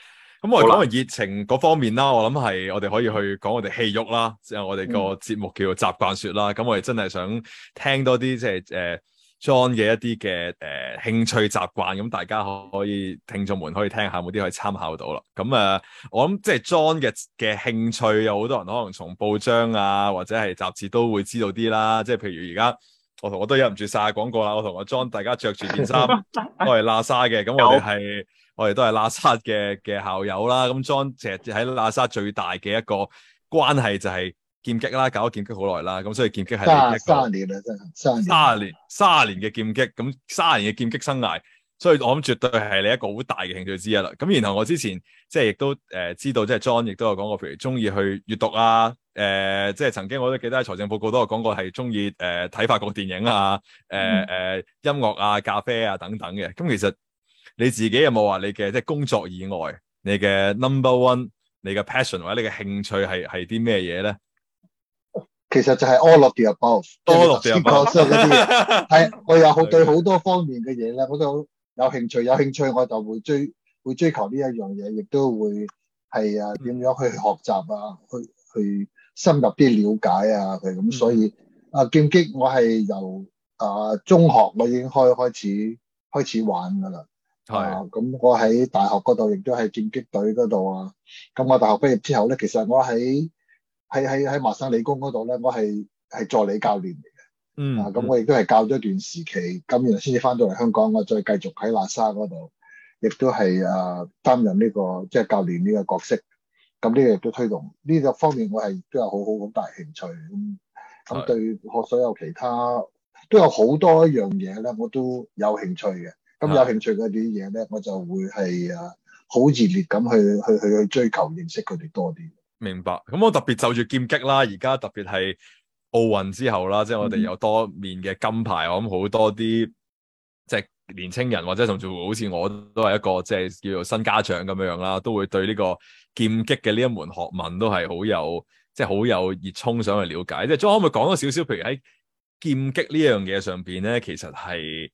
Speaker 1: 咁我哋講完熱情嗰方面啦的，我諗係我哋可以去講我哋戲肉啦，即係，我哋個節目叫做習慣說啦，咁我哋真係想聽多啲即係誒。John 嘅一啲嘅誒興趣習慣，咁大家可以聽眾們可以聽下，冇啲可以參考到啦。咁、嗯、啊，我諗即係 John 嘅嘅興趣，有好多人可能從報章啊或者係雜誌都會知道啲啦。即係譬如而家我我都忍唔住曬廣告啦。我同阿 John，大家着住件衫， <laughs> 喇我係喇有沙嘅，咁我哋係我哋都係喇沙嘅嘅校友啦。咁 John 其實喺喇沙最大嘅一個關係就係、是。劍擊啦，搞咗劍擊好耐啦，咁所以劍擊係一個卅年啦，真係卅年，卅年，卅年嘅劍擊，咁卅年嘅劍擊生涯，所以我諗絕對係你一個好大嘅興趣之一啦。咁然後我之前即係亦都誒、呃、知道，即係 John 亦都有講過，譬如中意去閱讀啊，誒、呃、即係曾經我都記得喺財政報告都有講過係中意誒睇法國電影啊，誒、呃、誒、呃、音樂啊、咖啡啊等等嘅。咁其實你自己有冇話你嘅即係工作以外，你嘅 number one，你嘅 passion 或者你嘅興趣係係啲咩嘢咧？其實就係 all of the above，all of the above 嗰啲
Speaker 2: 係，我有好對好多方面嘅嘢咧，我都 <laughs> 有興趣，有興趣我就會追，會追求呢一樣嘢，亦都會係啊，點樣去學習啊，嗯、去去深入啲了解啊，咁、嗯、所以啊劍擊我係由啊中學我已經開開始開始玩噶啦，係的啊，咁我喺大學嗰度亦都係劍擊隊嗰度啊，咁我大學畢業之後咧，其實我喺喺喺喺麻省理工嗰度咧，我係係助理教練嚟嘅，嗯、mm，咁、hmm. 啊、我亦都係教咗一段時期，咁然後先至翻到嚟香港，我再繼續喺喇沙嗰度，亦都係啊、呃、擔任呢、這個即係教練呢個角色，咁呢個亦都推動呢、這個方面，我係都有好好咁大興趣，咁咁對學所有其他都有好多一樣嘢咧，我都有興趣嘅，咁有興趣嗰啲嘢咧，我就會係啊好熱烈咁去去去去追求認識佢哋多啲。
Speaker 1: 明白，咁我特別就住劍擊啦，而家特別係奧運之後啦，嗯、即係我哋有多面嘅金牌，我諗好多啲即係年青人，或者甚至乎好似我都係一個即係叫做新家長咁樣啦，都會對呢個劍擊嘅呢一門學問都係好有即係好有熱衷想去了解。即係總之，可唔可以講多少少，譬如喺劍擊呢樣嘢上邊咧，其實係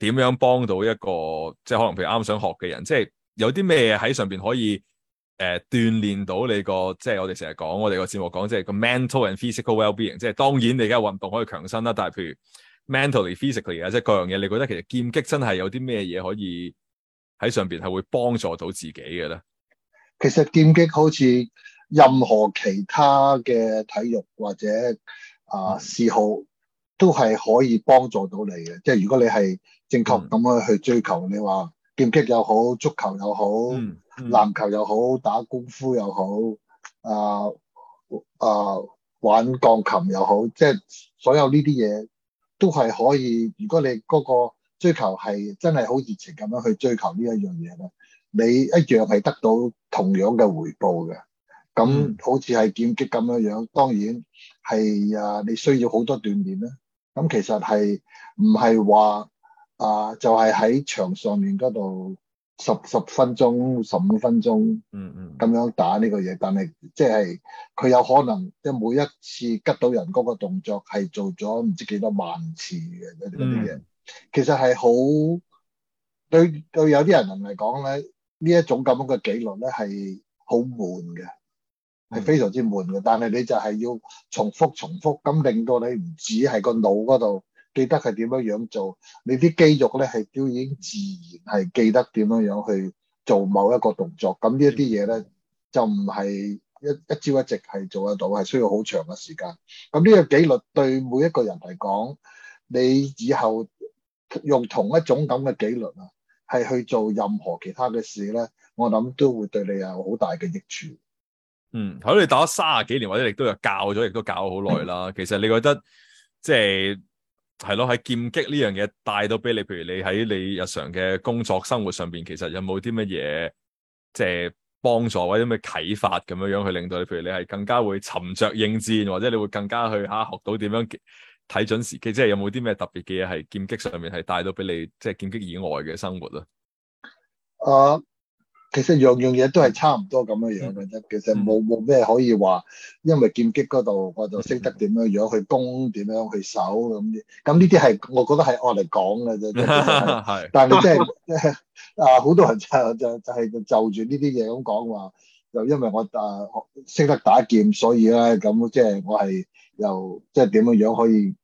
Speaker 1: 點樣幫到一個即係可能譬如啱想學嘅人，即係有啲咩喺上邊可以？誒，鍛煉、呃、到你個即係我哋成日講，我哋個節目講即係個 mental and physical well-being。Being, 即係當然你而家運動可以強身啦，但係譬如 mentally physically 啊，即係各樣嘢，你覺得其實劍擊真係有啲咩嘢可以喺上邊係會幫助到自己嘅咧？
Speaker 2: 其實劍擊好似任何其他嘅體育或者啊嗜好，都係可以幫助到你嘅。即係如果你係正確咁樣去追求，嗯、你話劍擊又好，足球又好。嗯籃、嗯、球又好，打功夫又好，啊、呃、啊、呃、玩鋼琴又好，即係所有呢啲嘢都係可以。如果你嗰個追求係真係好熱情咁樣去追求呢一樣嘢咧，你一樣係得到同樣嘅回報嘅。咁好似係劍擊咁樣樣，嗯、當然係啊，你需要好多鍛煉啦。咁其實係唔係話啊，就係喺場上面嗰度。十十分鐘、十五分鐘，嗯嗯，咁樣打呢個嘢，mm hmm. 但係即係佢有可能，即係每一次吉到人嗰個動作係做咗唔知幾多萬次嘅嗰啲嘢，mm hmm. 其實係好對對有啲人嚟講咧，呢一種咁樣嘅紀錄咧係好悶嘅，係非常之悶嘅，mm hmm. 但係你就係要重複重複咁，令到你唔止喺個腦嗰度。記得係點樣樣做，你啲肌肉咧係都已經自然係記得點樣樣去做某一個動作。咁呢一啲嘢咧，就唔係一一朝一夕係做得到，係需要好長嘅時間。咁呢個紀律對每一個人嚟講，你以後用同一種咁嘅紀律啊，係去做任何其他嘅事咧，我諗都會對你有好大嘅益處。嗯，
Speaker 1: 好，你打咗卅幾年或者你都有教咗，亦都教好耐啦。嗯、其實你覺得即係？就是係咯，喺劍擊呢樣嘢帶到俾你，譬如你喺你日常嘅工作生活上邊，其實有冇啲乜嘢，即係幫助或者咩啟發咁樣樣去令到你，譬如你係更加會沉着應戰，或者你會更加去吓學到點樣睇準時機，即係有冇啲咩特別嘅嘢係劍擊上面係帶到俾你，即係劍擊以外嘅生活咧？
Speaker 2: 啊！其實樣樣嘢都係差唔多咁樣樣嘅啫。其實冇冇咩可以話，因為劍擊嗰度我就識得點樣樣去攻，點樣去守咁。咁呢啲係我覺得係我嚟講嘅啫。係、就係， <laughs> 但係即係啊，好 <laughs> 多人就係就係就係、就就係就住呢啲嘢咁講話，就因為我啊識得打劍，所以咧咁即係我係又即係點樣樣可以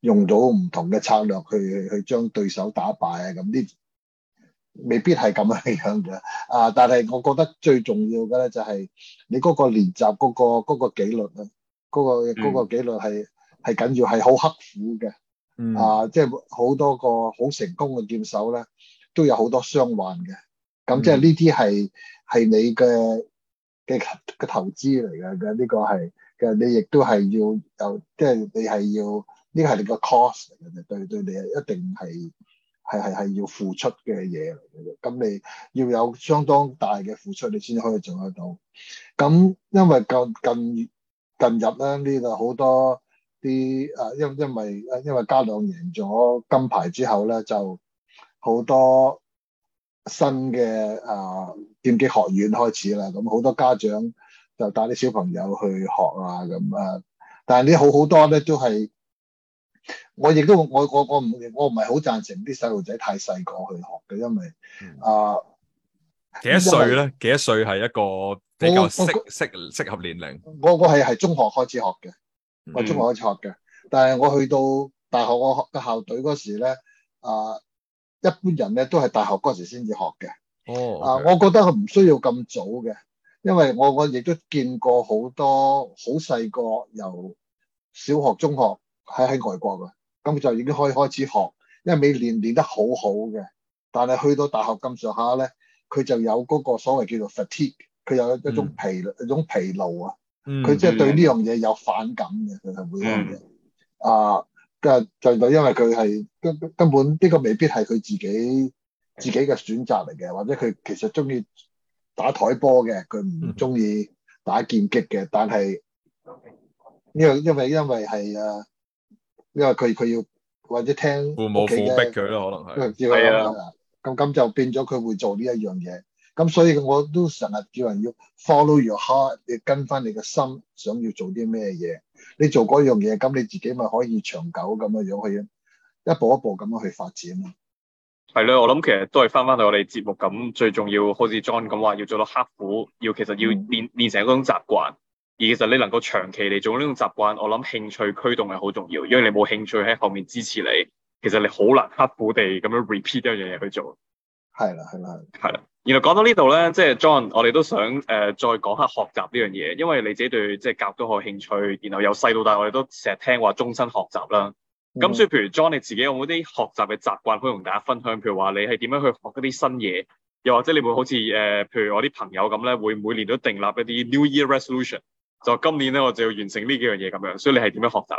Speaker 2: 用到唔同嘅策略去去將對手打敗啊咁啲。未必係咁樣樣嘅，啊！但係我覺得最重要嘅咧就係你嗰個練習嗰個嗰個紀律啊，嗰個嗰個紀律係係緊要，係好刻苦嘅，啊！即係好多個好成功嘅劍手咧，都有好多傷患嘅。咁即係呢啲係係你嘅嘅嘅投資嚟嘅嘅，呢個係嘅，你亦都係要有，即係你係要呢個係你個 cost 嚟嘅啫，對，對對，你一定係。係係係要付出嘅嘢嚟嘅，咁你要有相當大嘅付出，你先可以做得到。咁因為近近近日咧，呢度好多啲啊，因因為因為家長贏咗金牌之後咧，就好多新嘅啊劍擊學院開始啦。咁好多家長就帶啲小朋友去學啊咁啊。但係呢好好多咧，都係。我亦都我我我唔我唔係好贊成啲細路仔太細個去學嘅，因為啊幾、嗯
Speaker 1: 呃、多歲咧？幾為多歲係一個比較適適適合年齡？
Speaker 2: 我我係係中學開始學嘅，嗯、我中學開始學嘅，但係我去到大學我嘅校隊嗰時咧，啊、呃、一般人咧都係大學嗰時先至學嘅。哦，啊、okay. 呃、我覺得佢唔需要咁早嘅，因為我我亦都見過好多好細個由小學中學。中學喺喺外國嘅，咁就已經可以開始學，因為未練練得好好嘅。但係去到大學咁上下咧，佢就有嗰個所謂叫做 fatigue，佢有一一種疲、嗯、一種疲勞啊，
Speaker 5: 佢即係對呢樣
Speaker 2: 嘢有反感嘅，佢係會
Speaker 5: 咁
Speaker 2: 樣，嗯、啊，跟住再到因為佢係根根本呢個未必係佢自己、嗯、自己嘅選擇嚟嘅，或者佢其實中意打台波嘅，佢唔中意打劍擊嘅，嗯、但係因為因為因為係啊。因為佢佢要或者聽父母父逼
Speaker 1: 佢咯，可能係係是啊，
Speaker 2: 咁咁就變咗佢會做呢一樣嘢。咁所以我都成日叫人要 follow your heart，要跟翻你個心想要做啲咩嘢。你做嗰樣嘢，咁你自己咪可以長久咁樣樣去一步一步咁樣去發展啊。
Speaker 4: 係咯，我諗其實都係翻翻去我哋節目咁，最重要好似 John 咁，話要做到刻苦，要其實要練練、嗯、成嗰種習慣。而其實你能夠長期嚟做呢種習慣，我諗興趣驅動係好重要，因為你冇興趣喺後面支持你，其實你好難刻苦地咁樣 repeat 一樣嘢去做。係啦，係啦，係啦。然後講到呢度咧，即係 John，我哋都想誒、呃、再講下學習呢樣嘢，因為你自己對即係教育都好興趣，然後由細到大，我哋都成日聽話終身學習啦。咁、嗯、所以譬如 John 你自己有冇啲學習嘅習慣可以同大家分享？譬如話你係點樣去學一啲新嘢，又或者你會好似誒、呃，譬如我啲朋友咁咧，會每年都訂立一啲 New Year Resolution。就今年咧，我就要完成呢幾樣嘢咁樣，所以你係點樣學習？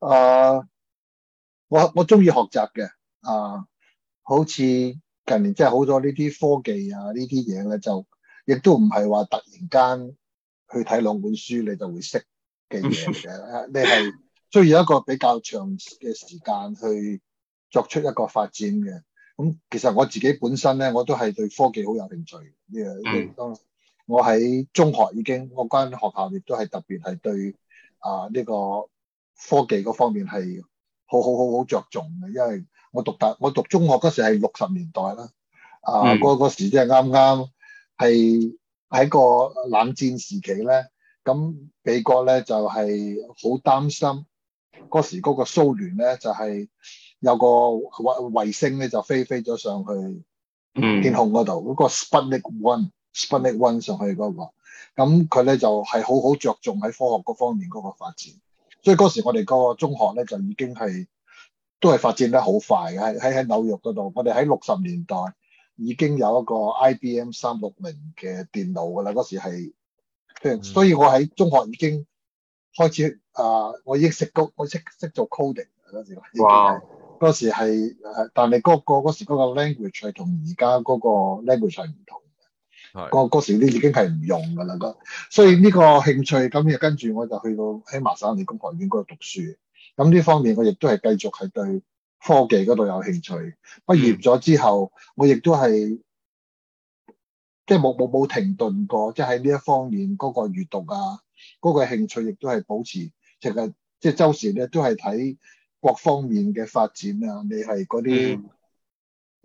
Speaker 4: 啊、
Speaker 2: uh,，我我中意學習嘅啊，uh, 好似近年即係好多呢啲科技啊，呢啲嘢咧就亦都唔係話突然間去睇兩本書你就會識嘅嘢嘅， <laughs> 你係需要一個比較長嘅時間去作出一個發展嘅。咁其實我自己本身咧，我都係對科技好有興趣呢樣。我喺中學已經，我間學校亦都係特別係對啊呢、呃這個科技嗰方面係好好好，好好着重嘅，因為我讀大我讀中學嗰時係六十年代啦，啊嗰嗰時即係啱啱係喺個冷戰時期咧，咁美國咧就係好擔心嗰時嗰個蘇聯咧就係有個衛衛星咧就飛飛咗上去天空嗰度，嗰、嗯、個 Sputnik One。Sputnik One 上去嗰、嗰個，咁佢咧就係、係、好好着重喺科學方面嗰個發展。所以嗰時我哋個中學咧就已經係都係發展得好快嘅。喺喺紐約度，我哋喺六十年代已經有一個 IBM 三六零嘅電腦㗎啦。嗰時係，係，所以我喺中學已經開始啊、呃，我已經識到我識識做 coding 嗰時已經。哇！嗰時係誒，但係嗰、嗰個嗰時嗰個 language 係 lang 同而家嗰個 language 係唔同。個嗰時已經係唔用㗎啦，所以呢個興趣咁就跟住我就去到喺麻省理工學院嗰度讀書。咁呢方面我亦都係繼續係對科技嗰度有興趣。畢業咗之後，我亦都係即係冇冇冇停頓過，即係喺呢一方面嗰個閲讀啊，嗰個興趣亦都係保持，即係即係周時咧都係睇各方面嘅發展啊。你係嗰啲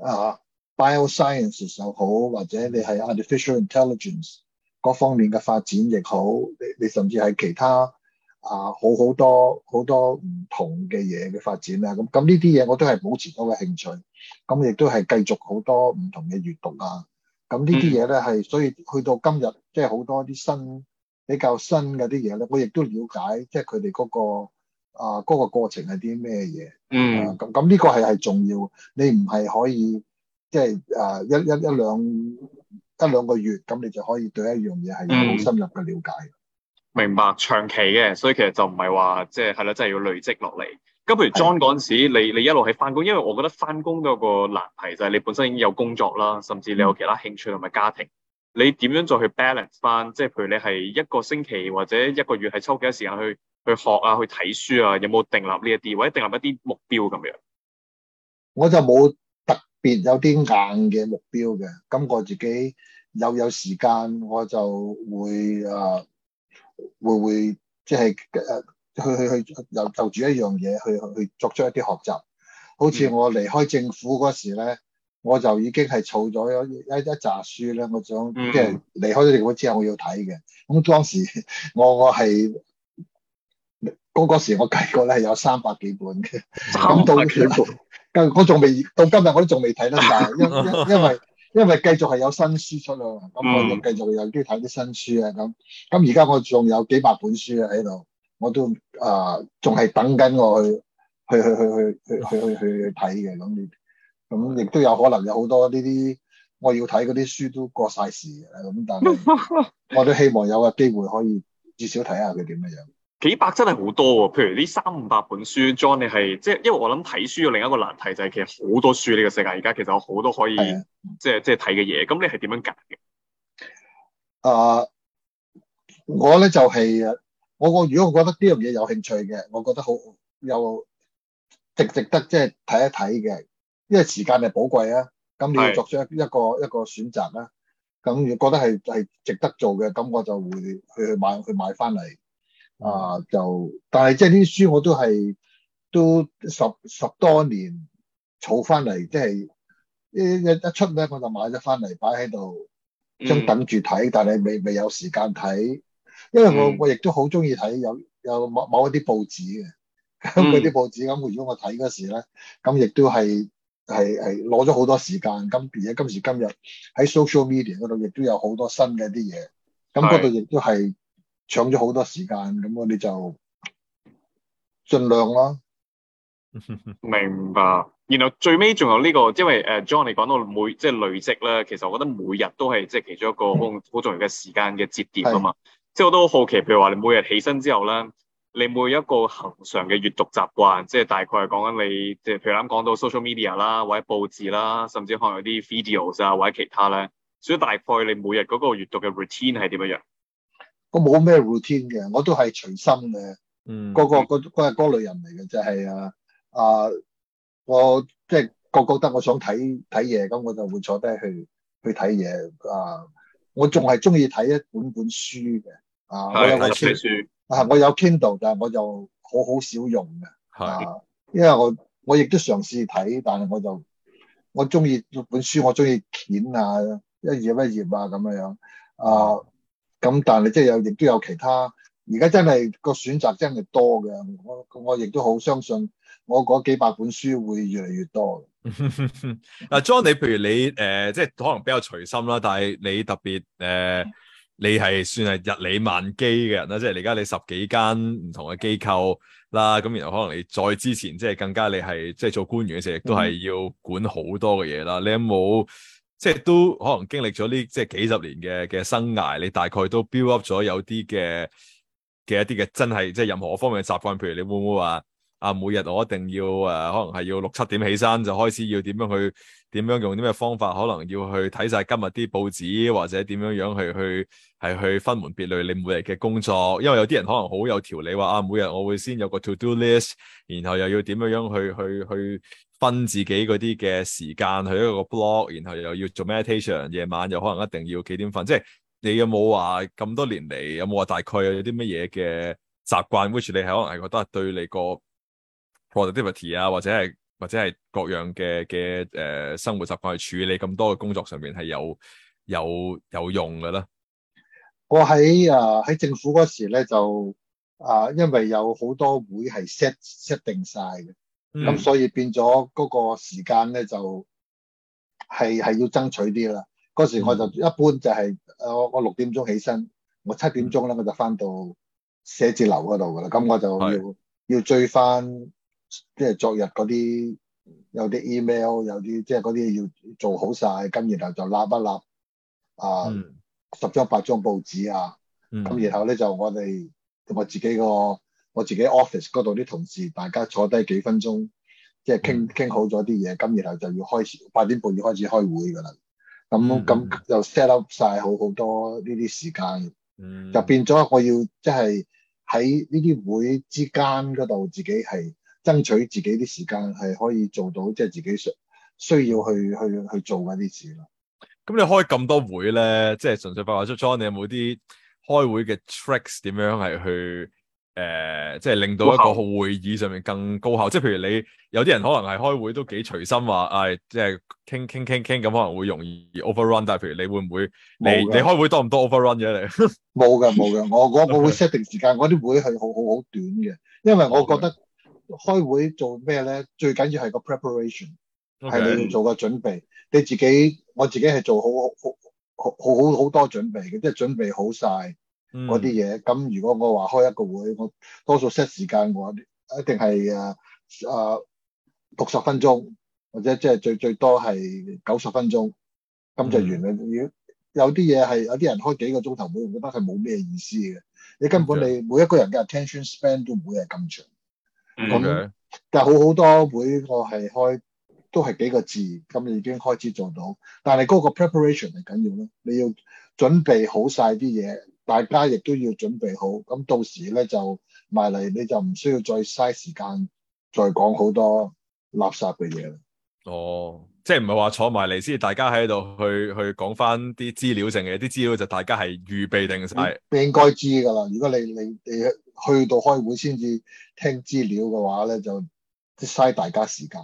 Speaker 2: 啊？嗯 bio sciences 又好，或者你係 artificial intelligence 各方面嘅發展亦好，你你甚至係其他啊、呃，好好多好多唔同嘅嘢嘅發展啊！咁咁呢啲嘢我都係保持多個興趣，咁亦都係繼續好多唔同嘅閱讀啊！咁、嗯、呢啲嘢咧係所以去到今日，即係好多啲新比較新嘅啲嘢咧，我亦都了解，即係佢哋嗰個啊嗰、嗰個過程係啲咩嘢？嗯，咁咁呢個係係重要，你唔係可以。即係誒一一一兩一兩個月，咁你就可以對一樣嘢係有好深入嘅了
Speaker 4: 解。嗯、明白長期嘅，所以其實就唔係話即係係啦，即係要累積落嚟。咁譬如 John 嗰陣時，你你一路喺翻工，因為我覺得翻工嗰個難題就係你本身已經有工作啦，甚至你有其他興趣同埋家庭，你點樣再去 balance 翻？即係譬如你係一個星期或者一個月係抽幾多時間去去學啊，去睇書啊，有冇定立呢一啲，或者定立一啲目標咁樣？
Speaker 2: 我就冇。別有啲硬嘅目標嘅，咁我自己有有時間，我就會啊，會會即係誒，去去去，又就住一樣嘢去去去作出一啲學習。好似我離開政府嗰時咧，我就已經係儲咗一一紮書咧，我想即係離開咗政府之後，我要睇嘅。咁當時我我係嗰時，我計過咧係有三百幾本嘅，三百到幾百 <laughs> 我仲未到今日，我都仲未睇得晒，因因因為因為繼續係有新書出啊，咁我仲繼續有機睇啲新書啊，咁咁而家我仲有幾百本書呀喺度，我都啊仲係等緊我去去去去去去去去睇嘅咁，咁亦都有可能有好多呢啲我要睇嗰啲書都過晒時啊，咁但係我都希望有個機會可以至少睇下佢點樣樣。
Speaker 4: 幾百真係好多喎，譬如呢三五百本書，John 你係即係，因為我諗睇書嘅另一個難題就係，其實好多書呢個世界而家其實有好多可以即係即係睇嘅嘢，咁的你係點樣揀嘅？啊、uh, 就
Speaker 2: 係，我咧就係我我如果我覺得呢樣嘢有興趣嘅，我覺得好又值值得即係睇一睇嘅，因為時間係寶貴啊，咁你要作出一一個的一個選擇啦、啊。咁如果覺得係係值得做嘅，咁我就會去買去買翻嚟。啊！就但係即係啲書我都係都十十多年儲翻嚟，即係一一一出咧，我就買咗翻嚟擺喺度，將、嗯、等住睇。但係未未有時間睇，因為我、嗯、我亦都好中意睇有有某某一啲報紙嘅咁嗰啲報紙。咁如果我睇嗰時咧，咁亦都係係係攞咗好多時間。咁而家今時今日喺 social media 嗰度亦都有好多新嘅一啲嘢，咁嗰度亦都係，搶咗好多時間，咁我哋就盡量啦。
Speaker 4: 明白。然後最尾仲有呢、這個，因為誒、uh，John 你講到每即係累積咧，其實我覺得每日都係即係其中一個好好重要嘅時間嘅節點啊嘛。是即係我都好好奇，譬如話你每日起身之後咧，你每一個恒常嘅閱讀習慣，即係大概係講緊你，即係譬如啱講到 social media 啦，或者報紙啦，甚至可能有啲 videos 啊，或者其他咧，所以大概你每日嗰個閱讀嘅 routine 係點樣樣？我
Speaker 2: 冇咩 routine 嘅，我都係隨心嘅。嗯，嗰個嗰嗰係嗰類人嚟嘅就係、是、啊啊，我即係覺得我想睇睇嘢，咁我就會坐低去去睇嘢啊。我仲係中意睇一本本書嘅啊。係。我有書。啊，是我有，有 Kindle，但係我就好好少用嘅。係、啊。的因為我我亦都嘗試睇，但係我就我中意本書，我中意卷啊，一頁一頁啊咁樣樣啊。咁但係即係有，亦都有其他。而家真係個選擇真係多嘅。我我亦都好相信，我嗰幾百本書會越嚟越多。
Speaker 1: 嗱 <laughs> ，John，你譬如你誒、呃，即係可能比較隨心啦，但係你特別誒、呃，你係算係日理萬機嘅人啦。即係而家你十幾間唔同嘅機構啦，咁然後可能你再之前即係更加你係即係做官員嘅時候，亦都係要管好多嘅嘢啦。嗯、你有冇？即係都可能經歷咗呢即係幾十年嘅嘅生涯，你大概都 build up 咗有啲嘅嘅一啲嘅真係即係任何方面嘅習慣。譬如你會唔會話啊，每日我一定要誒、啊，可能係要六七點起身就開始要點樣去點樣用啲咩方法，可能要去睇晒今日啲報紙，或者點樣樣去去係去分門別類你每日嘅工作。因為有啲人可能好有條理，話啊每日我會先有個 to do list，然後又要點樣樣去去去。去去分自己嗰啲嘅時間去一個 blog，然後又要做 meditation，夜晚又可能一定要幾點瞓。即係你有冇話咁多年嚟有冇話大概有啲乜嘢嘅習慣？which 你係可能係覺得係對你個 productivity 啊，或者係或者係各樣嘅嘅誒生活習慣去處理咁多嘅工作上面係有有有用嘅咧？
Speaker 2: 我喺啊喺政府嗰時咧就啊、呃，因為有好多會係 set 定晒嘅。咁、嗯、所以變咗嗰個時間咧，就係、是、係要爭取啲啦。嗰時我就一般就係、是嗯、我我六點鐘起身，我七點鐘咧我就翻到寫字樓嗰度噶啦。咁我就要的要追翻即係昨日嗰啲有啲 email，有啲即係嗰啲要做好晒。咁然後就立一立，啊十張八張報紙啊。咁、嗯、然後咧就我哋同我自己個。我自己 office 嗰度啲同事，大家坐低幾分鐘，即係傾傾好咗啲嘢，咁然後就要開始八點半要開始開會噶啦。咁咁、嗯、就 set up 晒好好多呢啲時間，嗯、就變咗我要即係喺呢啲會之間嗰度自己係爭取自己啲時間，係可以做到即係自己需需要去去去做嗰啲事咯。
Speaker 1: 咁你開咁多會咧，即、就、係、是、純粹發掘出裝，你有冇啲開會嘅 tricks 點樣係去？誒、呃，即係令到一個會議上面更高效，哇 即係譬如你有啲人可能係開會都幾隨心話，誒、哎，即係傾傾傾傾咁，可能會容易 overrun。但係譬如你會唔會，你你開會多唔多 overrun 啫？你冇嘅，冇嘅，我
Speaker 2: 我我會 set 定時間，我啲 Okay. 會係好好好短嘅，因為我覺得開會做咩咧，最緊要係個 preparation，
Speaker 3: 係 Okay. 你要做
Speaker 2: 個準備。你自己，我自己係做好好好好好好多準備嘅，即係準備好晒。嗰啲嘢，咁、嗯、如果我話開一個會，我多數 set 時間我一定係誒誒六十分鐘，或者即係最最多係九十分鐘，咁就完啦。要、嗯、有啲嘢，係有啲人開幾個鐘頭會，我覺得係冇咩意思嘅，你根本你每一個人嘅 attention span 都唔會係咁長，咁但係好好多每個係開都係幾個字，咁就已經開始做到，但係嗰個 preparation 係緊要咯，你要準備好晒啲嘢。大家亦都要準備好，咁到時咧就埋嚟，你就唔需要再嘥時間再講好多垃圾嘅嘢啦。
Speaker 1: 哦，即係唔係話坐埋嚟先？大家喺度去去講翻啲資料性嘅，啲資料就大家係預備定曬。你
Speaker 2: 應該知㗎啦。如果你你你去到開會先至聽資料嘅話咧，就嘥大家時間。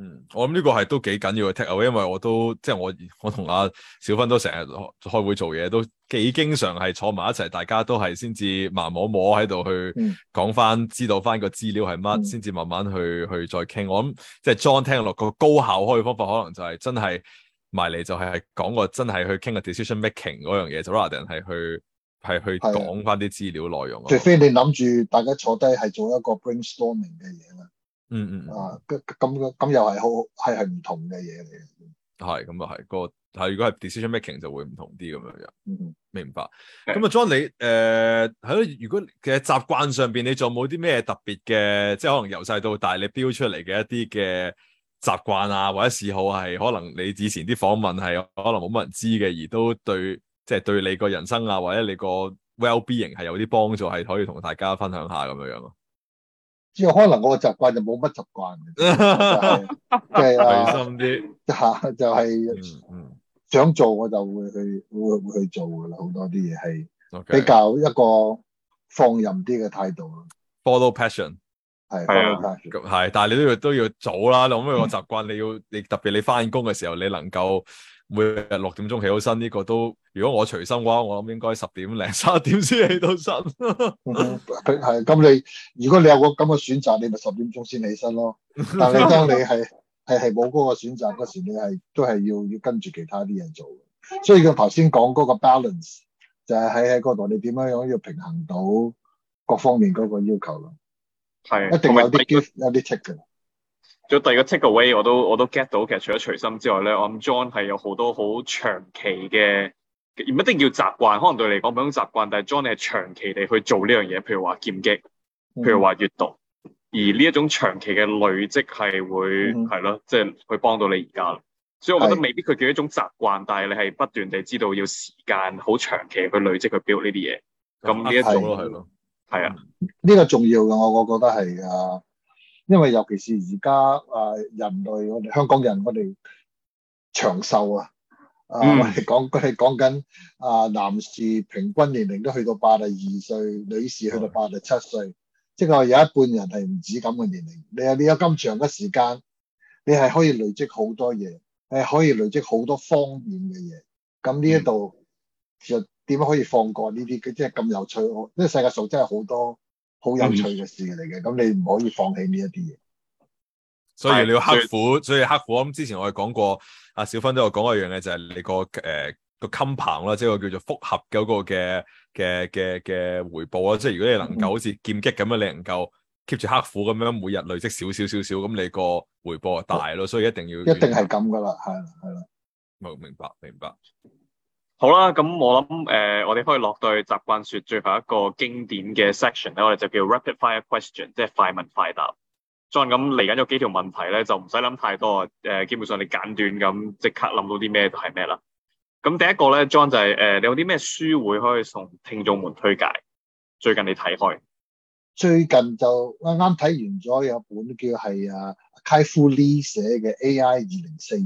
Speaker 1: 嗯，我諗呢個係都幾緊要嘅技巧，因為我都即係我我同阿小芬都成日開會做嘢，都幾經常係坐埋一齊，大家都係先至盲摸摸喺度去講翻，知道翻個資料係乜，先至，嗯、慢慢去去再傾。嗯、我諗即係 John 聽落個高效開會方法，可能就係真係埋嚟就係係講個真係去傾個 decision making 嗰樣嘢，就 rather than 係去係去講翻啲資料內容。除非你諗
Speaker 2: 住大家坐低係做一個 brainstorming 嘅嘢啦。嗯嗯啊，咁咁又係好係係唔同嘅嘢嚟
Speaker 1: 嘅。係咁啊，係、那個係如果係 decision making 就會唔同啲咁樣樣。嗯，嗯，明白。咁啊，John，你誒喺、呃、如果其實習慣上邊，你仲冇啲咩特別嘅，即係可能由細到大你 build 出嚟嘅一啲嘅習慣啊，或者嗜好係可能你之前啲訪問係可能冇乜人知嘅，而都對即係、就是、對你個人生啊，或者你個 well being 係有啲幫助，係可以同大家分享下咁樣樣咯。
Speaker 2: 即係可能我個習慣就冇乜習慣嘅，即係啊，小心啲嚇，就係、係、想做我就會去，會會去做噶啦，好多啲嘢係比較一個放任啲嘅態度
Speaker 1: 咯。Follow、okay. passion 係，係、啊，係， <laughs> 但係你都要都要早啦。咁你個習慣你要， <laughs> 你要特別你翻工嘅時候，你能夠每日六點鐘起好身呢個都。如果我隨心嘅話，我諗應該十點零三點先起到身。
Speaker 2: 係 <laughs> 咁、嗯嗯、你，如果你有個咁嘅選擇，你咪十點鐘先起身咯。但係當你係係係冇嗰個選擇嗰時，你係都係要要跟住其他啲嘢做。所以佢頭先講嗰個 balance 就係喺喺嗰度，你點樣樣要平衡到各方面嗰個要求咯。係
Speaker 4: 一定
Speaker 2: 有啲 give 有啲 take
Speaker 4: 嘅。咁第二個 take away 我都我都，我都 get 到，其實除咗隨心之外咧，我諗 John 係有好多好長期嘅。唔一定叫習慣，可能對你嚟講唔係種習慣，但係 Johnny 係長期地去做呢樣嘢，譬如話劍擊，譬如話閱讀，而呢一種長期嘅累積係會係咯，即係去幫到你而家。所以我覺得未必佢叫一種習慣，的但係你係不斷地知道要時間好長期去累積去 build 呢啲嘢。咁呢一種咯，係咯，係啊，
Speaker 2: 呢個重要嘅，我我覺得係啊，因為尤其是而家啊，人類我哋香港人，我哋長壽啊。啊，我哋講佢講緊，啊，男士平均年齡都去到八十二歲，女士去到八十七歲，的即係話有一半人係唔止咁嘅年齡。你有你有咁長嘅時間，你係可以累積好多嘢，係可以累積好多方面嘅嘢。咁呢一度，mm. 其實點樣可以放過呢啲？佢即係咁有趣，呢個世界數真係好多好有趣嘅事嚟嘅。咁的你唔可以放棄呢一啲嘢。
Speaker 4: 所
Speaker 1: 以你要刻苦，的所以刻苦。咁之前我哋講過，阿小芬都有講一樣嘢，就係、是、你、呃、個誒個 c o m 即係個叫做複合嘅一個嘅嘅嘅嘅回報咯。即、就、係、是、如果你能夠好似劍擊咁樣，嗯、你能夠 keep 住刻苦咁樣，每日累積少少少少，咁你個回報就大咯。所以一定要一定係咁
Speaker 2: 噶啦，係啦，係啦。
Speaker 1: 冇明
Speaker 4: 白明白。明白好啦，咁我諗誒、呃，我哋可以落對習慣說最後一個經典嘅 section 咧，我哋就叫 rapid fire question，即係快問快答。John 咁嚟緊有幾條問題咧，就唔使諗太多誒、呃，基本上你簡短咁即刻諗到啲咩就係咩啦。咁第一個咧，John 就係、是、誒、呃，你有啲咩書會可以送聽眾們推介？最近你睇開？
Speaker 2: 最近就啱啱睇完咗有本叫係啊，Kai Fu Lee 寫嘅《AI 二零四一》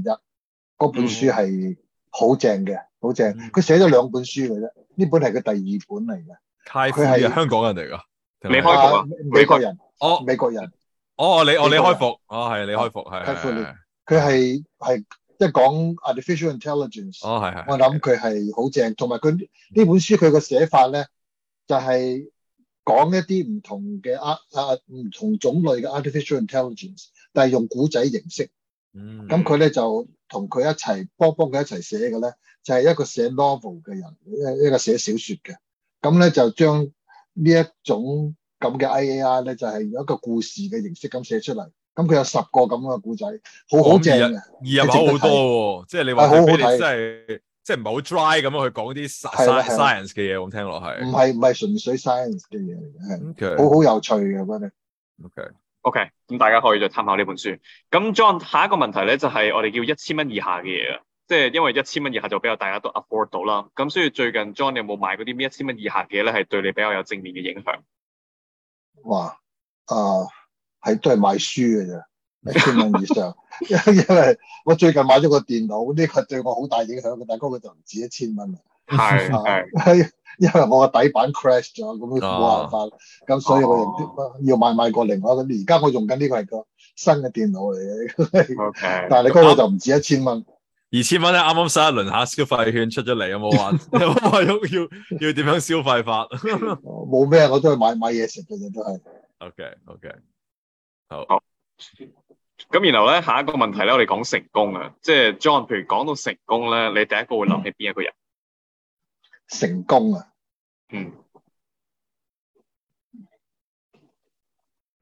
Speaker 2: 嗰本書係好正嘅，好正。佢寫咗兩本書嘅啫，呢本係佢第二本嚟
Speaker 1: 嘅。Kai Fu 係香港人嚟㗎，你開講美國人、啊、哦，美國人。哦，美國人。哦，你哦李開復，哦係李開復係，
Speaker 2: 佢係係即係講 artificial intelligence，哦係，我諗佢係好正，同埋佢呢本書佢個寫法咧就係講一啲唔同嘅啊啊唔同種類嘅 artificial intelligence，但係用古仔形式，嗯，咁佢咧就同佢一齊幫幫佢一齊寫嘅咧就係一個寫 novel 嘅人，一一個寫小說嘅，咁咧就將呢一種。咁嘅 AAR 咧就係、是、有一個故事嘅形式咁寫出嚟，咁、嗯、佢有十個咁嘅故仔，很很日好、啊啊、好正嘅，二入好多喎，即係你話佢真係
Speaker 1: 即係唔係好 dry 咁去講啲 science 嘅嘢，我聽落係唔係唔
Speaker 2: 係純粹 science 嘅嘢嚟嘅，Okay. 好好有趣嘅我覺得。
Speaker 4: OK OK，咁、okay，大家可以再參考呢本書。咁 John 下一個問題咧就係、是、我哋叫一千蚊以下嘅嘢啊，即、就、係、是、因為一千蚊以下就比較大家都 afford 到啦。咁所以最近 John 有冇買嗰啲咩一千蚊以下嘅嘢咧，係對你比較有正面嘅影響？
Speaker 2: 話誒，係、啊、都係買書嘅啫，一千蚊以上。 <laughs> 因為我最近買咗個電腦，呢、這個對我好大影響。但嗰個就唔止一千蚊啦。係係，因為我個底板 crash 咗，
Speaker 1: 咁冇辦法。
Speaker 2: 咁、oh. 所以我用啲要買買一個另外一個。而家我用緊呢個係個新嘅電腦嚟嘅，Okay. 但係你嗰個就唔止一千蚊。
Speaker 1: 二千蚊咧，啱啱使一輪下消費券出咗嚟，有冇玩？有冇要要點樣消費法？
Speaker 2: 冇咩，我都係買買嘢食嘅啫，都係。
Speaker 4: OK，OK，好。咁然後咧，下一個問題咧，我哋講成功啊，即係 John，譬如講到成功咧，你第一個會諗起邊一個人？
Speaker 1: 成功啊，嗯，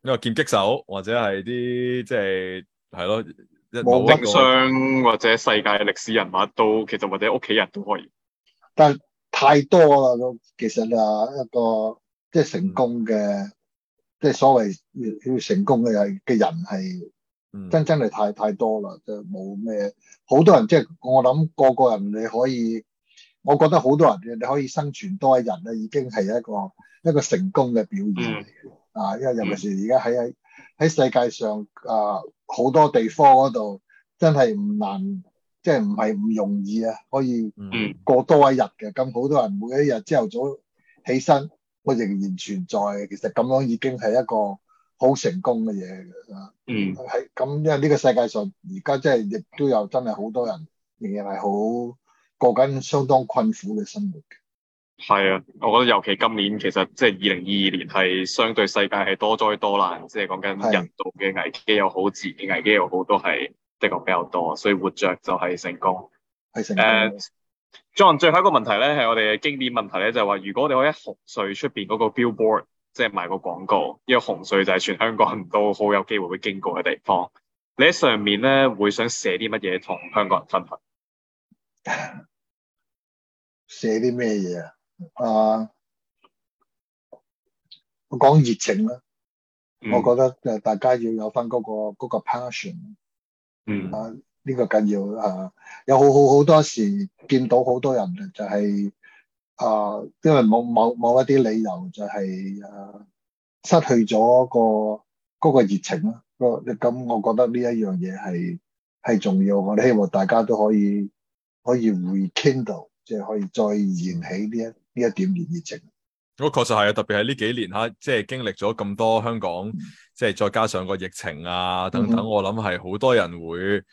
Speaker 1: 一個劍擊手或者係啲即
Speaker 4: 係係咯。冇頂商或者世界嘅歷史人物，都，其實或者屋企人都可以，
Speaker 2: 但係太多啦。咁其實啊，一個即係、就是、成功嘅，即係、嗯、所謂要成功嘅人嘅人係，真真係太太多啦、嗯，就冇咩，好多人即係我諗個個人你可以，我覺得好多人你可以生存多嘅人咧，已經係一個一個成功嘅表現、嗯、啊，因為尤其是而家喺喺喺世界上啊。好多地方嗰度真係唔難，即係唔係唔容易啊，可以過多一日嘅。咁，好多人每一日朝頭早起身，我仍然存在，其實咁樣已經係一個好成功嘅嘢啦。嗯，係咁，因為呢個世界上而家真係亦都有真係好多人仍然係好過緊相當困苦嘅生活。
Speaker 4: 係啊，我覺得尤其今年其實即係二零二二年，係相對世界係多災多難，即係講緊人道嘅危機又好，自然危機又好，都係的確比較多。所以活着就係成功。成功 uh, John，最後一個問題咧，係我哋嘅經典問題咧，就係、是、話如果我哋可以喺紅隧出邊嗰個 billboard，即係賣個廣告，因為紅隧就係全香港人都好有機會會經過嘅地方，你喺上面咧會想寫啲乜嘢同香港人分享？
Speaker 2: <laughs> 寫啲咩嘢啊？啊！我講熱情啦，mm. 我覺得誒，大家要有翻、那、嗰個、那個 passion，嗯、mm. 啊，呢、這個緊要啊！有好好好多時見到好多人就係、是、啊，因為某某某一啲理由就係、是、啊，失去咗、那個、那個熱情啦，個咁我覺得呢一樣嘢係係重要，我哋希望大家都可以可以 rekindle 即係可以再燃起呢一。呢一點
Speaker 1: 熱熱情，我確實係啊，特別係呢幾年嚇，即係經歷咗咁多香港，即係再加上個疫情啊等等，mm hmm. 我諗係好多人會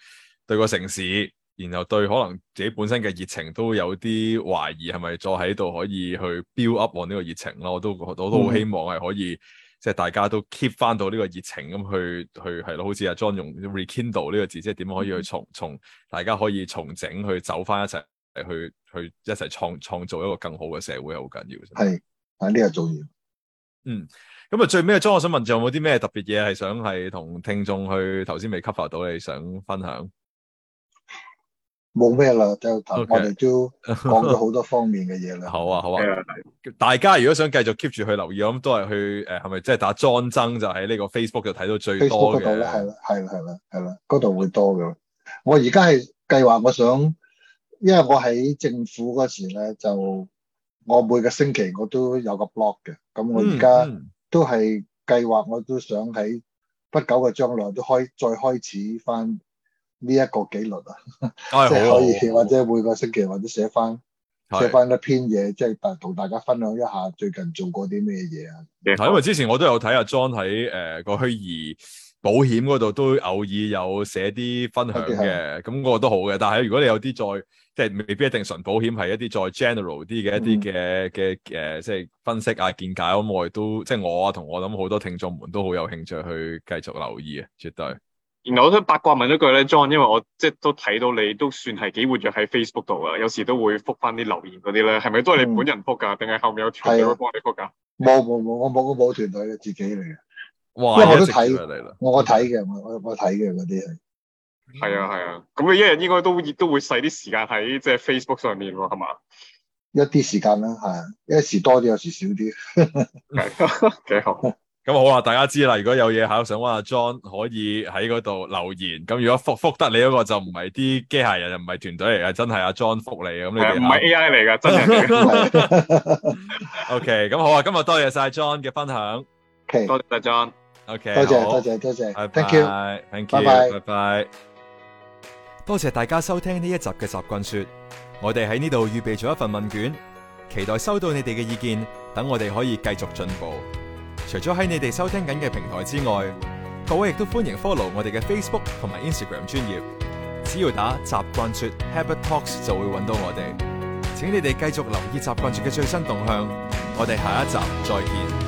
Speaker 1: 對個城市，然後對可能自己本身嘅熱情都有啲懷疑，係咪再喺度可以去 build up on 呢個熱情咯？我都我都好希望係可以，mm hmm. 即係大家都 keep 翻到呢個熱情咁去去係咯，好似阿 John 用 rekindle 呢個字，即係點可以去重從、mm hmm. 大家可以重整去走翻一齊。去去一齊創創造一個更好嘅社會係好緊要
Speaker 2: 嘅，係，啊呢個重要。
Speaker 1: <noise> 嗯，咁、嗯、啊最尾 John，我想問，仲有冇啲咩特別嘢係想係同聽眾去頭先未 cover 到，你想分享？
Speaker 2: 冇咩啦，Delta, Okay. 我就我哋都講咗好多方面嘅嘢啦。 <laughs> 好啊，好啊。
Speaker 1: 大家如果想繼續 keep 住去留意，咁都係去誒，係咪即係 John Tsang 就喺呢個 Facebook 就睇到最多嘅。係係係啦，
Speaker 2: 係啦、啊，嗰度會多嘅。我而家係計劃，我想、啊。 <noise> <noise> 因為我喺政府嗰時咧，就我每個星期我都有個 blog 嘅，咁我而家都係計劃，我都想喺不久嘅將來都開再開始翻呢一個紀律啊，即
Speaker 4: 係、哎、 <laughs> 可以好好或
Speaker 2: 者每個星期或者寫翻寫翻一篇嘢，即係同大家分享一下最近做過啲咩嘢
Speaker 1: 啊？因為之前我都有睇阿 John 喺誒、呃、個虛擬保險嗰度都偶爾有寫啲分享嘅，咁個都好嘅。但係如果你有啲再即係未必一定純保險，係一啲再 general 啲嘅一啲嘅嘅誒，即係分析啊、見解咁，我亦都即係我啊同我諗好多聽眾們都好有興趣去繼續留意啊，絕對。
Speaker 4: 然後我想八卦問一句咧，John，因為我即係都睇到你都算係幾活躍喺 Facebook 度啊，有時都會覆返啲留言嗰啲咧，係咪都係你本人覆㗎，定係後面有團隊幫你覆㗎？冇
Speaker 2: 冇冇，我冇嗰個團隊，自己嚟
Speaker 4: 嘅。因為我都睇，
Speaker 2: 我睇嘅，我
Speaker 4: 我睇嘅嗰啲係啊係啊，咁你一日應該都都會使啲時間喺即係 Facebook 上面喎，
Speaker 2: 係嘛？一啲時間啦，係，一時多啲，有時少啲，
Speaker 1: 幾好。咁好啦，大家知啦，如果有嘢考，想搵阿 John 可以喺嗰度留言。咁如果覆覆得你嗰個就唔係啲機械人，又唔係團隊嚟嘅，真係阿 John 覆你，咁你唔係 AI 嚟噶，真係。OK，咁好啊，今日多謝晒 John 嘅分享，多謝 John，OK，多謝多謝多謝，thank you，thank you，拜拜。多謝大家收聽呢一集嘅習慣說，我哋喺呢度預備咗一份問卷，期待收到你哋嘅意見，等我哋可以繼續進步。除咗喺你哋收聽緊嘅平台之外，各位亦都歡迎 follow 我哋嘅 Facebook 同埋 Instagram 專頁，只要打習慣說 Habit Talks 就會揾到我哋。請你哋繼續留意習慣說嘅最新動向，我哋下一集再見。